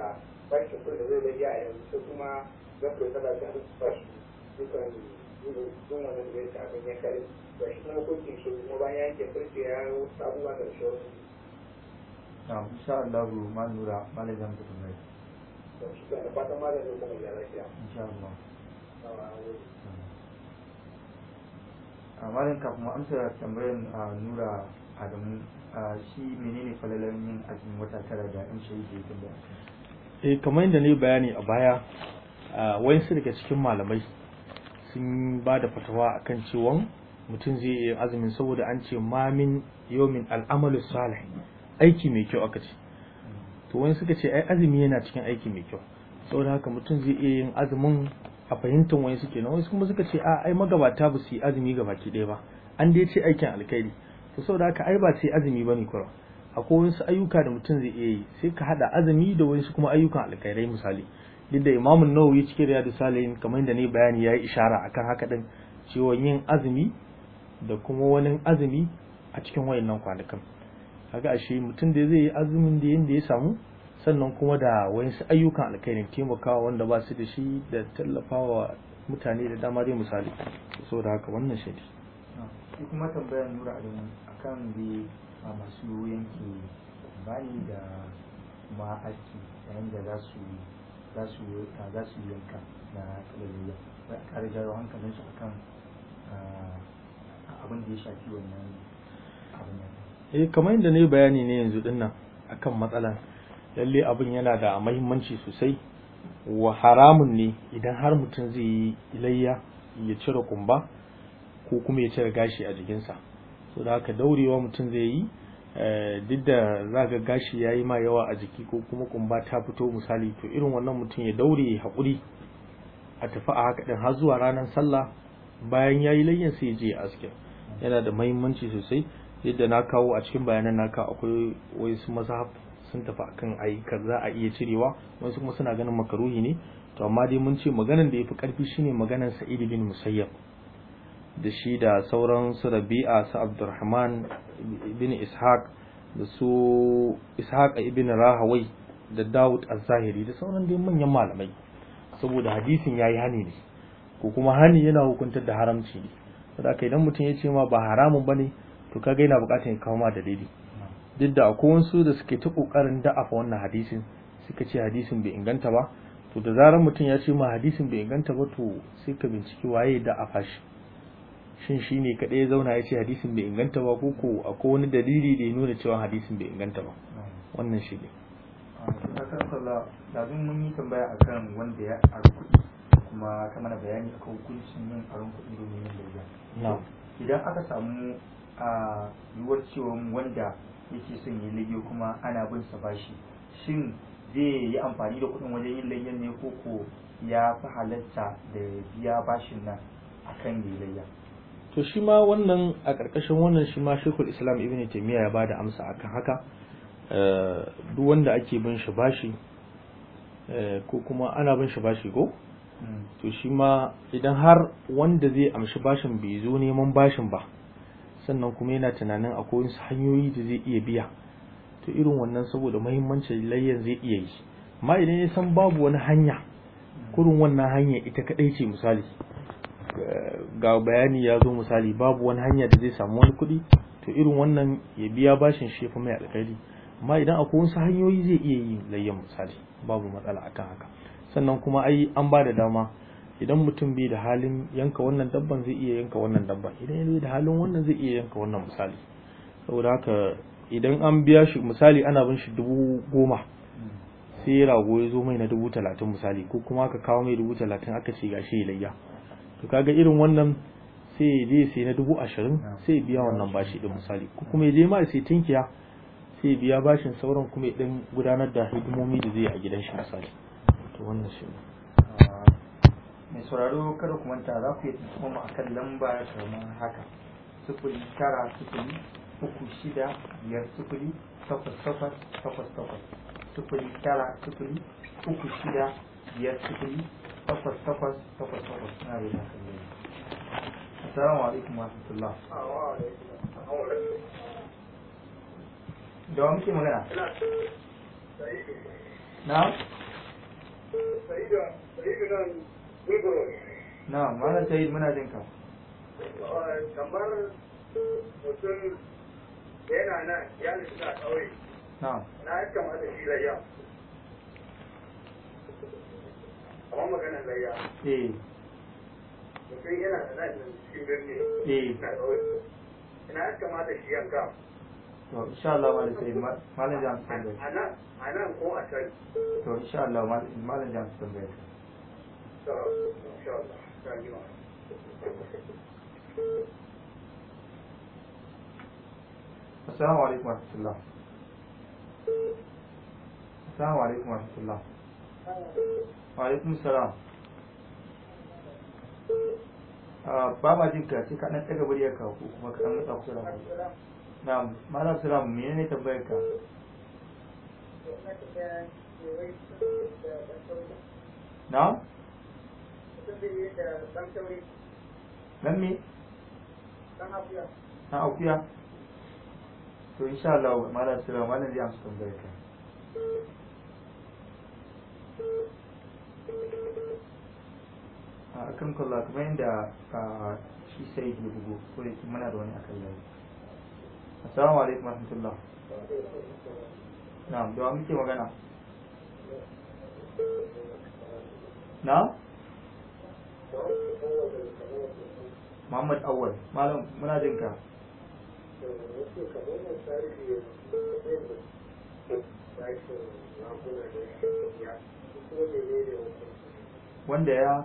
bashi kuɗi da zai rage a yanzu sai kuma ya kuɗi yi ta Ba shi dukkan yin wani da ya kafin ya kare da shi kuma kuncin shi kuma bayan ya ke kurce ya yi sabuwa da shi wasu. na insha Allah ma nura malajan da kuma mai. to shi ka da fatan malajan kuma ya lafiya. insha Allah. a malin kafin amsa tambayar nura adamu shi menene falalar yin azumin wata tara da in shi yake tambaya eh kamar yadda ne bayani a baya su daga cikin malamai sun ba da fatawa akan cewa mutum zai yi azumin saboda an ce mamin yomin al'amalu salih aiki mai kyau aka ce to wani suka ce ai azumi yana cikin aiki mai kyau saboda haka mutum zai iya yin azumin a fahimtar wani suke nan wani kuma suka ce a ai magabata ba su yi azumi ga baki ɗaya ba an dai ce aikin alkhairi to saboda haka ai ba sai azumi bane kura akwai wasu ayyuka da mutum zai iya yi sai ka hada azumi da wasu kuma ayyukan alƙairai misali duk da Imam Nawawi cikin Riyadu Salihin kamar da ne bayani ya yi ishara akan haka din cewa yin azumi da kuma wani azumi a cikin wayannan kwanakan kaga ashe mutum da zai yi azumin da yanda ya samu sannan kuma da wasu ayyukan alkhairin taimakawa wanda ba su da shi da tallafawa mutane da dama dai misali saboda haka wannan shi kuma tambayar nura a akan bi a ah, masu yanke bani da ma yayin da za su za su ah, yanka na kalalliya ba a riga hankalin su akan ah, abin da ya shafi wannan abin eh kamar yadda na yi bayani ne yanzu nan, akan matsalan lalle abin yana da mahimmanci sosai wa haramun ne idan har mutum zai yi layya ya cire kumba ko kuma ya cire gashi a jikinsa so da haka daurewa mutum zai yi eh, duk da za ga gashi ya yi ma yawa a jiki ko kuma kumba ta fito misali to irin wannan mutum ya daure hakuri a tafi a haka ɗin har zuwa ranar sallah bayan ya yi layyan sai je aske yana da mahimmanci sosai yadda na kawo a cikin bayanan naka akwai wasu maza sun tafi akan ayyuka za a iya cirewa wasu kuma suna ganin makaruhi ne to amma dai mun ce maganan da ya fi ƙarfi shine maganan Sa'id bin Musayyab da shi da sauran su rabi'a su abdurrahman ibn ishaq da su ishaq ibn rahawai da dawud az-zahiri da sauran dai manyan malamai saboda hadisin yayi hani ne ko kuma hani yana hukuntar da haramci ne saboda idan mutum ya ce ma ba haramun bane to kaga yana bukatun ya kawo ma dalili duk da akwai wasu da suke ta kokarin da'afa wannan hadisin suka ce hadisin bai inganta ba to da zarar mutum ya ce ma hadisin bai inganta ba to sai ka binciki waye da'afa shi shin shi ne kaɗai ya zauna ya ce hadisin bai inganta ba ko ko akwai wani dalili da ya nuna cewa hadisin bai inganta ba wannan shi ne a kafin mun yi tambaya akan wanda ya aru kuɗi kuma ta mana bayani akan hukuncin yin aron kuɗi domin yin layya idan aka samu a yiwuwar cewa wanda yake son yi layya kuma ana bin sa bashi shin zai yi amfani da kuɗin wajen yin layya ne ko ko ya fi halatta da biya bashin nan akan yin layya to shi ma wannan a ƙarƙashin wannan shi ma shekul islam ibn taimiyya ya bada amsa akan haka eh, duk wanda ake bin shi bashi eh, ko kuma ana bin shi bashi ko hmm. to shi ma idan har wanda zai amshi bashin bai zo neman bashin ba sannan kuma yana tunanin akwai wasu hanyoyi da zai iya biya to irin wannan saboda muhimmancin layyan zai iya yi ma idan ya san babu wani hanya hmm. kurin wannan hanya ita kaɗai ce misali ga bayani ya zo misali babu wani hanya da zai samu wani kuɗi to irin wannan ya biya bashin shi fi mai alƙali amma idan akwai wasu hanyoyi zai iya yi layyan misali babu matsala akan haka sannan kuma ai an ba da dama idan mutum bai da halin yanka wannan dabban zai iya yanka wannan dabban idan bai da halin wannan zai iya yanka wannan misali saboda haka idan an biya shi misali ana bin shi dubu goma sai rago ya zo mai na dubu talatin misali ko kuma aka kawo mai dubu talatin aka ce gashi ya layya to kaga irin wannan sai ya je sai na dubu ashirin sai biya wannan bashi din misali ko kuma ya je ma sai tinkiya sai biya bashin sauran kuma ya dan gudanar da hidimomi da zai a gidan shi misali to wannan shi ah, mai sauraro kada ku manta za ku yi tsoma a kan lamba kamar haka sufuri tara sufuri uku shida biyar sufuri takwas takwas takwas takwas sufuri tara sufuri uku shida biyar sufuri takwas takwas takwas takwas na rai na assalamu alaikum wa rahmatullah da wa muke magana na na malam sayid muna jin ka kamar mutum yana nan ya kawai na ya kamata shi da yau kamar maganar layya eh. mutum yana da nan cikin birni eh. ina ya kamata shi yanka to insha Allah malam sai malam jam bai. a nan ko a can to insha Allah malam jam tambaye to Assalamu alaikum Assalamu alaikum alaikun salam ah, ba ma jin ka sai ka dan daga muryar ka ko kuma ka dan matsa kusa da ku na'am malam salam ne tambayar ka na na me na akuya dan afiya? to insha Allah malam salam wannan zai amsa tambayar ka a kan kalla kamar yadda shi sai ke bugu ko yake muna da wani akan yayi assalamu alaikum rahmatullah na'am da muke magana na Muhammad Awal malam muna jin ka wanda ya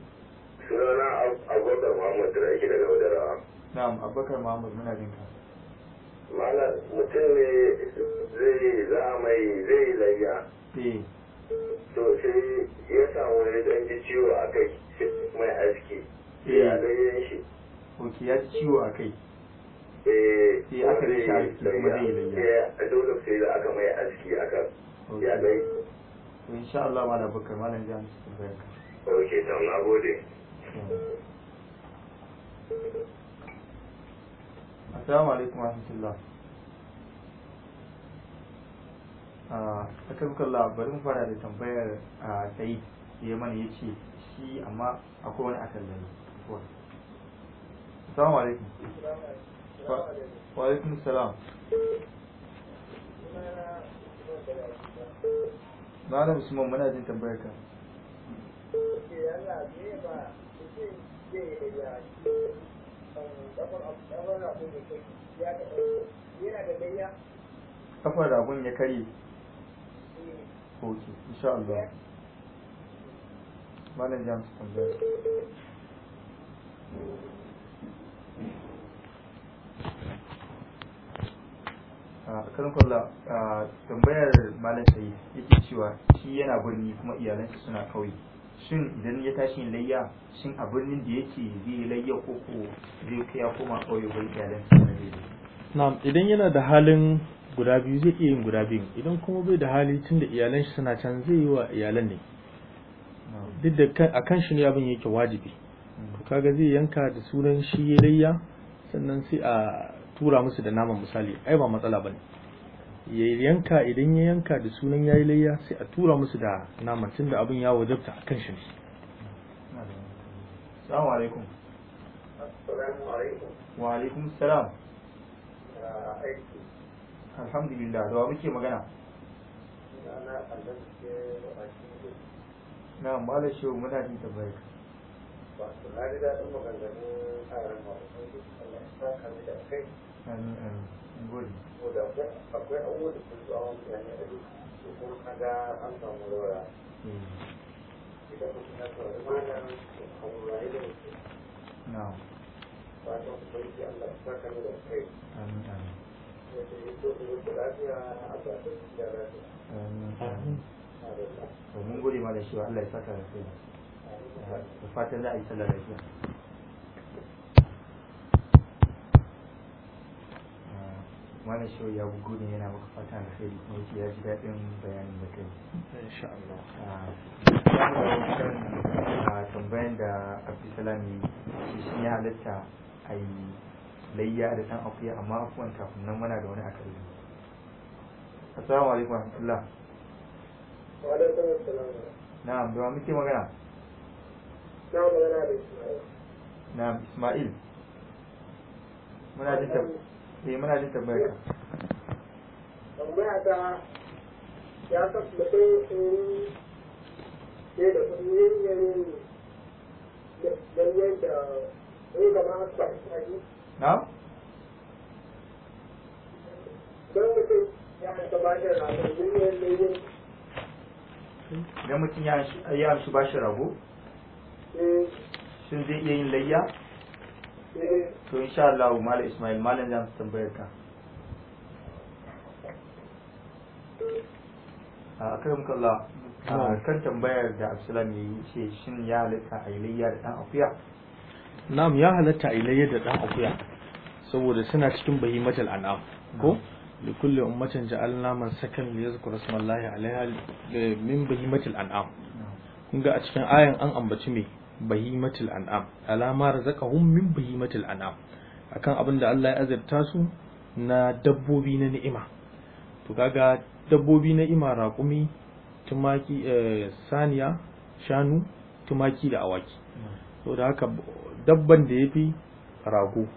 sunana abubakar muhammad da ake daga wadara na'am abubakar muhammad muna jin ka mala mutum ne zai za mai zai layya eh. to sai ya samu wani dan ji ciwo a kai mai aski sai a ganyen eh. shi ok ya ji ciwo a kai eh, sai aka da shi aski kuma zai yi layya a dole sai da aka mai aski aka ya gai to insha Allah malam bakar malam jami'in bayan ka ok to na gode assalamu alaikum rahmatullah a ah, aka bari labarin fara da tambayar ah, sai ya mana ya ce shi amma akwai wani akallari assalamu alaikum wa alaikum salam da usman muna jin tambayar ka kafar ragon ya kare ok insha Allah malam james tambaya a ah, karin kwallo ah, tambayar malam sai yake cewa shi yana birni kuma iyalansa suna kauye shin idan ya tashi layya shin a birnin da yake zai layya ko ko zai kai koma ƙauye ba iyalan sa ne na'am idan yana da halin guda biyu zai iya yin guda biyu idan kuma bai da hali tun da iyalan shi suna can zai yi wa iyalan ne duk da a kan shi ne abin yake wajibi mm. kaga zai yanka da sunan shi layya sannan sai a tura musu da naman misali ai ba matsala bane ya yanka idan ya yanka da sunan yayi layya sai a tura musu da naman tunda abin ya wajabta akan shi Assalamu alaikum Assalamu alaikum Wa alaikum salam Alhamdulillah da muke magana Na mala shehu muna jin tabbai Ba su na da maganganu a ran ba Allah ya saka mu da kai Amin amin akwai abubuwa da sun zuwa wani yanayi a duk su kuma kaga an samu rawa idan mutum ya saurari malam su hauraye da mutum fatan ubangiji Allah ta saka da kai amin amin wanda ya zo da wata lafiya a ba ta da lafiya amin amin to mun gode ma da shi Allah ya saka da kai da fatan za a yi sallah shi. wani shau ya bugu ne yana maka fata da kai kuma yake ya ji daɗin bayanin da kai insha Allah ah, tambayan da Abdulsalam shi shi ya halatta a yi layya da san akuya amma akuwan kafin nan muna da wani akali assalamu alaikum warahmatullah wa alaikum assalam na'am da muke magana na'am magana da Isma'il na'am Isma'il muna jin e muna jin tambayar ka ya kasu da kai ne da yin da da ma su na? don mutum ya hanta bashin rago yin yin yin don mutum ya hanta bashin rago? Eh. shin zai iya yin layya? to insha Allah Malam Ismail Malam zan tambayar ka a ah, kan kalla ah, kan tambayar da Absalom ya yi ce shin ya halatta a ilayya da dan akuya na'am ya halatta a ilayya da dan akuya saboda suna cikin matal an'am ko لكل أمة جعلنا sakan سكن ليذكر اسم alaiha min bayi matal an'am. kun ga a cikin ayan an ambaci me bahimatul an'am alama razaqahum min bahimatul an'am akan abin da Allah ya azurta su na dabbobi na ni'ima to kaga dabbobi na ni'ima raƙumi tumaki eh, saniya shanu tumaki da awaki to da haka dabban da yafi rago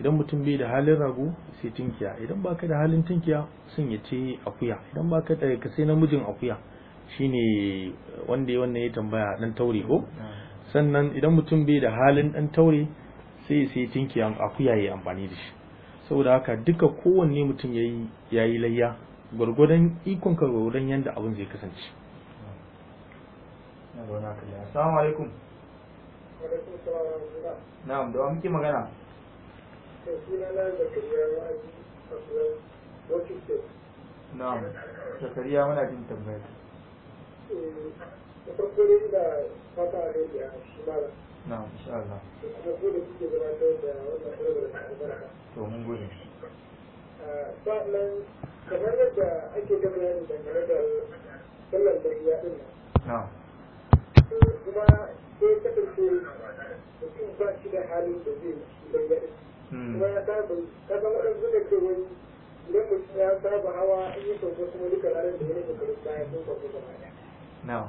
idan mutum bai da halin rago sai tinkiya idan baka da halin tinkiya sun ya akuya idan baka da ka sai namijin akuya shine wanda wannan ya tambaya dan taure ko sannan idan mutum bai da halin dan taure sai sai tinki akuya yi amfani da shi saboda haka duka kowanne mutum yayi yayi layya gwargwadon ikon ka gurgurdan yanda abin zai kasance assalamu alaikum na'am da muke magana na'am zakariya muna jin tambayar na insha Allah to mun gode ah, sa'annan kamar yadda ake da bayani dangane da sallar da ya din nan kuma sai ta kace mutum ba shi da halin da zai hmm. kuma ya saba ta san waɗansu da ke wani idan mutum ya saba hawa in yi sauka kuma duka ranar da ya nufi karista ya sun sauka gaba ɗaya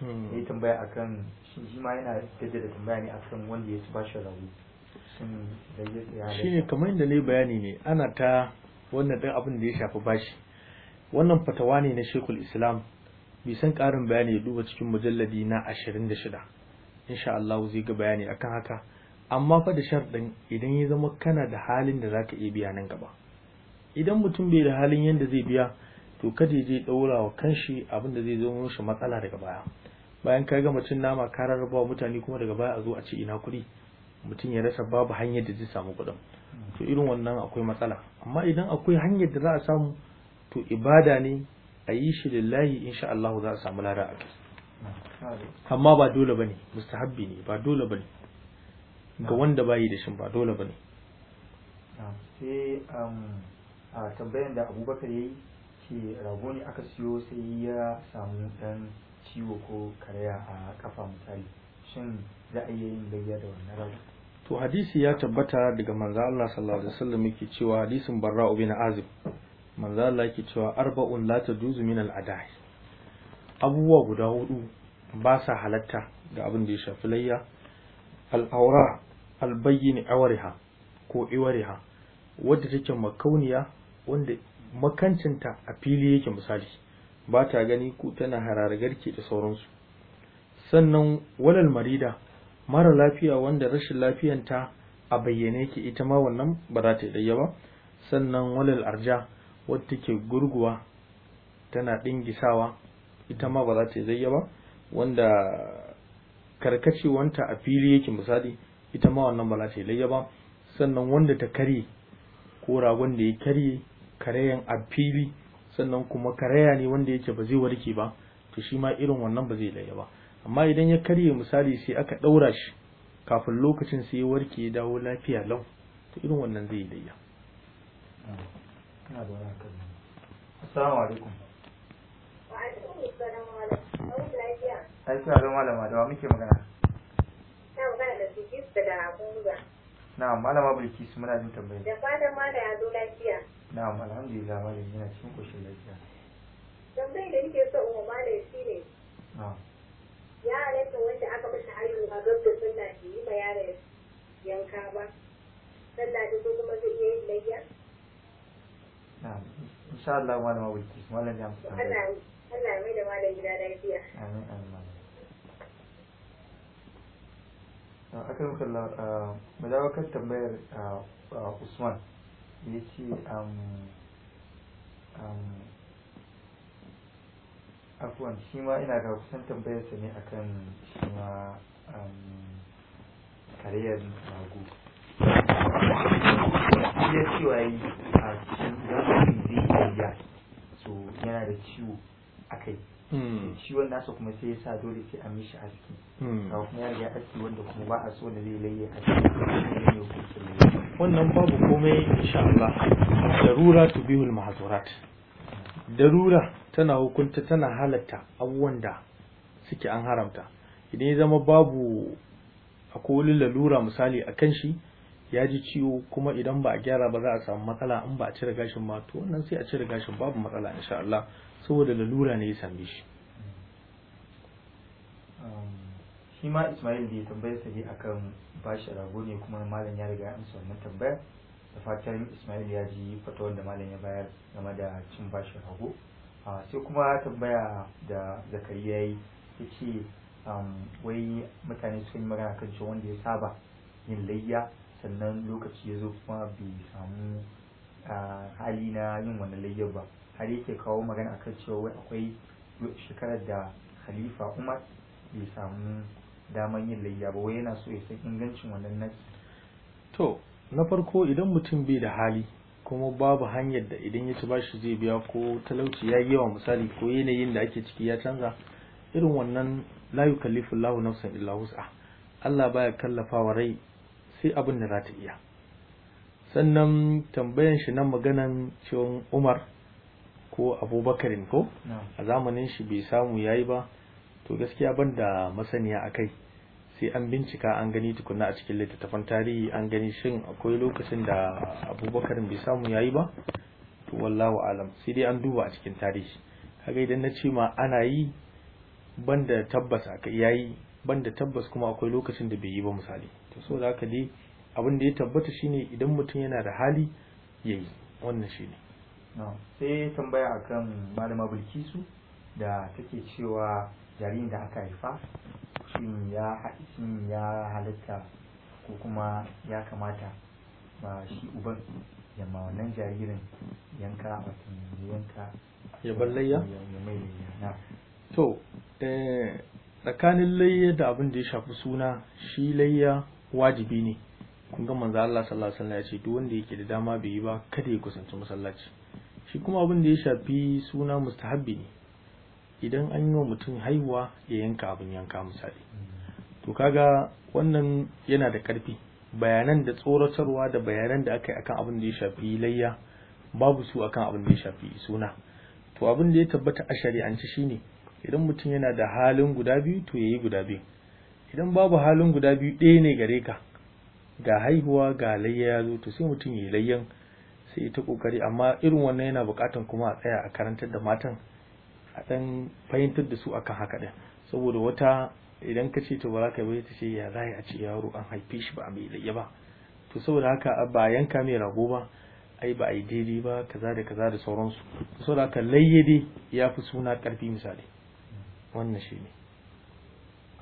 Hmm. ya yi tambaya kan? shi ma yana jaddada tambaya ne kan wanda ya ci shi shi ne kamar yadda na bayani ne ana ta wannan ɗan abin da ya shafi bashi wannan fatawa ne na shekul islam bisan san ƙarin bayani ya duba cikin mujalladi na ashirin da shida insha Allah zai ga bayani akan haka amma fa da sharɗin idan ya zama kana da halin da zaka iya biya nan gaba idan mutum bai da halin yadda zai biya to kada ya je ɗaura wa kanshi abin da zai zo shi matsala daga baya bayan ka gama cin nama ka rarraba mutane kuma daga baya a zo a ci ina kuɗi mutum ya rasa babu hanyar da zai samu kuɗin to irin wannan akwai matsala amma idan akwai hanyar da za a samu to ibada ne a yi shi lillahi insha Allah za a samu lada a kai amma ba dole bane mustahabbi ne ba dole bane ga wanda bayi da shin ba dole bane sai um, a tambayan da Abubakar yayi ke rago ne aka siyo sai ya samu dan ciwo ko karaya a kafa misali shin za a iya yin da wannan to hadisi ya tabbata daga manzo Allah sallallahu alaihi wasallam yake cewa hadisin Barra bin Azib manzo Allah yake cewa arba'un la tajuzu min al abubuwa guda hudu ba sa halatta ga abin da ya shafi layya al-awra al-bayyin awriha ko iwariha wadda take makauniya wanda makancinta a fili yake misali ba ta gani ku tana garke da sauransu sannan walal marida mara lafiya wanda rashin lafiyanta a bayyane ke ita ma wannan ba za ta yi ba sannan walal arja wadda ke gurguwa tana dingisawa ita ma ba za ta yi ba wanda karkacewanta a fili yake misali ita ma wannan ba za ta yi ba sannan wanda ta karye ko ragon da ya karye kareyan a fili sannan kuma karaya ne wanda yake ba zai warke ba to shi ma irin wannan ba zai laye ba amma idan ya karye misali sai aka ɗaura shi kafin lokacin sai ya warke ya dawo lafiya lau to irin wannan zai laye Assalamu alaikum. Ai kira ga malama da wa muke magana? Na magana da Bilkis da Abuja. Na malama Bilkis muna jin tambaya. Da fatan mala ya zo lafiya. na'am alhamdulillah malam yana cikin koshin lafiya tambayar da nake so wa malam shine ya halatta wanda aka masa ayyuka ga gabda sunna shi yi ma yaran yanka ba sallah da ko kuma zai iya yin layya na'am insha Allah malama wiki malam ya mutu Allah Allah ya mai da malam gida lafiya amin amin ah, akan kalla ah, mu dawo kan tambayar ah, Usman yace ce um, um, afuwan shi ma ina ga kusan tambayarsa ne akan shi ma um, kariyar rago ya cewa yi a cikin zafin zai iya so yana da ciwo a kai Hmm. shi wanda asa kuma sai ya sa dole sai a mishi aski hmm. ga kuma ya aski wanda kuma ba a so da zai laye aski wannan babu komai insha Allah darura to bihul mahzurat darura tana hukunta tana halatta abubuwan da suke an haramta idan ya zama babu akwai wani lalura misali akan shi ya ji ciwo kuma idan ba a gyara ba za a samu matsala in ba a cire gashin ba to wannan sai a cire gashin babu matsala insha Allah saboda lalura ne ya same shi um, shi ma Ismail da ya tambayar ta ne akan bashi rago ne kuma malam ya riga amsa wannan tambaya da fatan Ismail ya ji fatawar da malam ya bayar game da cin bashi rago ah, sai kuma tambaya da Zakariya yi yace ce um, wai mutane suka yi magana kan cewa wanda ya saba yin layya sannan lokaci ya zo kuma bai samu hali na yin wannan layyar ba har yake kawo magana a kan cewa akwai shekarar da khalifa umar bai samu daman yin layya ba wai yana so ya san ingancin wannan nasi to na farko idan mutum bai da hali kuma babu hanyar da idan ya ci bashi zai biya ko talauci ya yi yawa misali ko yanayin da ake ciki ya canza irin wannan la yukallifu Allahu nafsan illa wus'a Allah baya kallafa wa rai sai abin da za ta iya sannan tambayan shi na maganan cewa umar ko abubakarin ko a zamanin shi bai samu yayi ba to gaskiya ban da masaniya a kai sai an bincika an gani tukuna a cikin littattafan tarihi an gani shin akwai lokacin da abubakarin bai samu yayi ba to wallahu alam sai dai an duba a cikin tarihi kaga idan na ce ma ana yi banda tabbas aka yayi banda tabbas kuma akwai lokacin da bai yi ba misali to so da haka dai abin da ya tabbata shine idan mutum yana da hali ya yi, wannan shi ne. sai tambaya akan malama bilkisu da take cewa jaririn da aka haifa shin ya ya halitta ko kuma ya kamata ba shi uban ya wannan jaririn yanka wato yanka ya ballayya ya mai na to eh, tsakanin layya da abin da ya shafi suna shi layya wajibi ne kun ga manzo Allah sallallahu alaihi wasallam ya ce duk wanda yake da dama bai yi ba kada ya kusanci masallaci shi kuma abin da ya shafi suna mustahabbi ne idan an yi wa mutum haihuwa ya yanka abin yanka misali to kaga wannan yana da karfi bayanan da tsoratarwa da bayanan da aka yi akan abin da ya shafi layya babu su akan abin da ya shafi suna to abin da ya tabbata a shari'ance shine idan mutum yana da halin guda biyu to yayi guda biyu idan babu halin guda biyu ɗaya ne gare ka ga haihuwa ga layya ya zo to sai mutum ya layyan sai ta kokari amma irin wannan yana bukatan kuma a tsaya a karantar da matan a ɗan fahimtar da su akan haka ɗin saboda wata idan ka ce to ba za ka bai ta ce ya za a ce yaro an haife shi ba a mai layya ba to saboda haka ba yanka mai rago ba ai ba a yi daidai ba kaza da kaza da sauransu saboda haka layya dai ya fi suna karfi misali wannan shi ne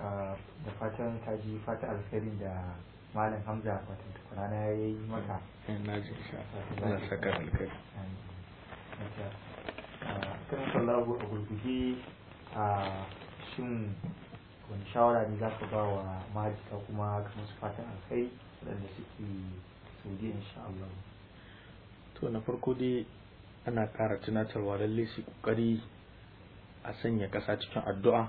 Ah, da fatan ka ji fata alkhairin da malam hamza wata tukurana ya yi maka eh, na ji na saka alkhairi ah, kan sallahu a gurguje a ah, shin wani shawara ne za ka ba wa mahajjata kuma ga masu fatan alkhairi waɗanda suke saudi insha Allah to na farko dai ana ƙara tunatarwa lallai su ƙoƙari a sanya ƙasa cikin addu'a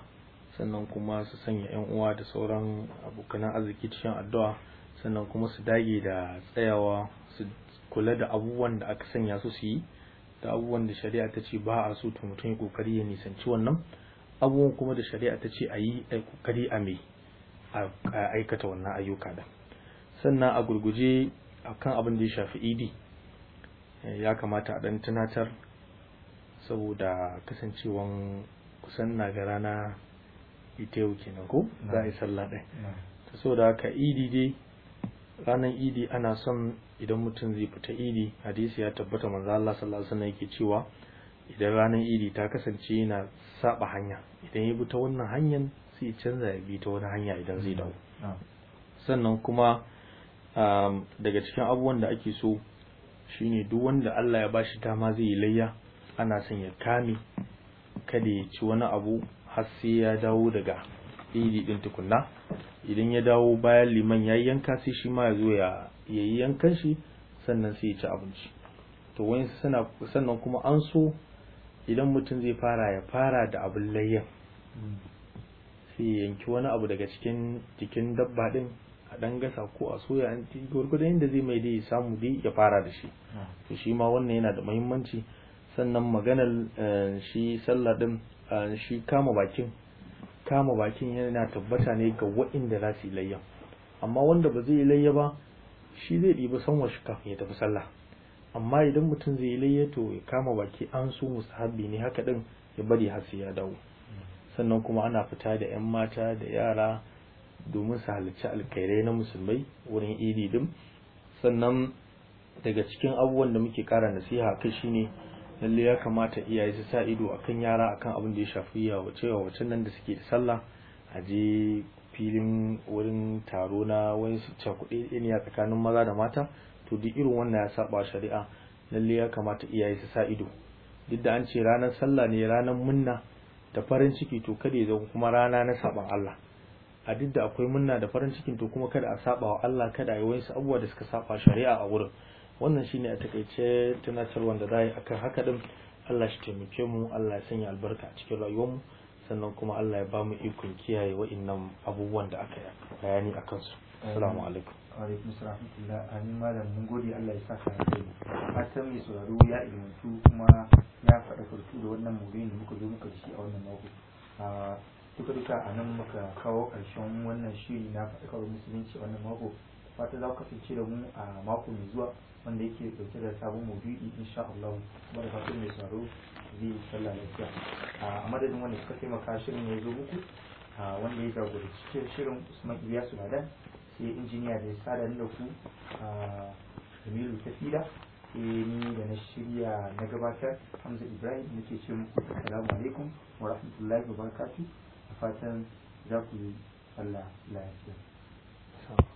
sannan kuma su sanya yan uwa da sauran abokan arziki cikin addu'a sannan kuma su dage da tsayawa su kula da abubuwan da aka sanya su su yi da abubuwan da shari'a ta ce ba a so ta mutum ya kokari ya nisanci wannan abubuwan kuma da shari'a ta ce a yi a kokari a mai a aikata wannan ayyuka da sannan a gurguje akan abin da ya shafi idi eh, ya kamata a ɗan tunatar saboda kasancewan kusan na ga rana Ita yau kenan ko za a yi sallah ɗai ta so da haka idi dai ranar idi ana son idan mutum zai fita idi hadisi ya tabbata manzo Allah sallallahu alaihi wasallam yake cewa idan ranar idi ta kasance yana saba hanya idan ya bi ta wannan hanyar sai canza ya bi ta wani hanya idan zai dawo sannan kuma um, daga cikin abubuwan da ake so shine duk wanda Allah ya bashi dama zai yi layya ana son ya kame kada ya ci wani abu har sai ya dawo daga idi din tukunna idan ya dawo bayan liman ya yanka sai shi ma ya zo ya yi yankan shi sannan sai ya ci abinci to wani sannan kuma an so idan mutum zai fara ya fara da abin layyan sai ya yanki wani abu daga cikin jikin dabba din a dan gasa ko a soya an ci gwargwadon yadda zai mai dai samu dai ya fara da shi hmm. to shi ma wannan yana da muhimmanci sannan maganar eh, shi sallah din shi kama bakin kama bakin yana tabbata ne ga waɗanda za su yi layya amma wanda ba zai yi layya ba shi zai ɗiba sanwa wasu kafin ya tafi sallah amma idan mutum zai yi layya to ya kama baki an su mustahabbi ne haka ɗin, ya bari har ya dawo sannan kuma ana fita da 'yan mata da yara domin su halarci alkairai na musulmai wurin idi din sannan daga cikin abubuwan da muke kara nasiha kai shine lalle ya kamata iyaye su sa ido akan yara akan abin da ya shafi yawace wacce nan da suke da sallah a je filin wurin taro na wani su cakuɗe ne a tsakanin maza da mata to duk irin wannan ya saba shari'a lalle ya kamata iyaye su sa ido duk da an ce ranar sallah ne ranar munna da farin ciki to kada ya zama kuma rana na saban Allah a duk da akwai munna da farin cikin to kuma kada a saba wa Allah kada a yi wasu abubuwa da suka saba shari'a a wurin wannan shine a takaice tunatarwar da za yi akan haka din Allah shi taimake mu Allah ya sanya albarka a cikin mu sannan kuma Allah ya ba mu ikon kiyaye wa'annan abubuwan da aka bayani a kansu assalamu alaikum alaikum rahmatullah amin malam mun gode Allah ya saka alheri fatan mai sauraro ya ilmantu kuma ya faɗa farko da wannan maudu'in da muka zo muka shi a wannan mako duka duka a nan muka kawo ƙarshen wannan shiri na faɗakar musulunci a wannan mako fata za ku kasance da mu a mako mai zuwa wanda yake dauke da sabon maudu'i insha Allah wanda fatan mai tsaro zai yi sallah lafiya a madadin wanda suka taimaka shirin ya zo muku wanda ya jagoranci shirin Usman Iyasu Ladan sai injiniya da ya sada da ku Jamilu Tafida sai ni da na shirya na gabatar Hamza Ibrahim nake ce muku assalamu alaikum wa rahmatullahi wa barakatuh fatan za ku yi sallah lafiya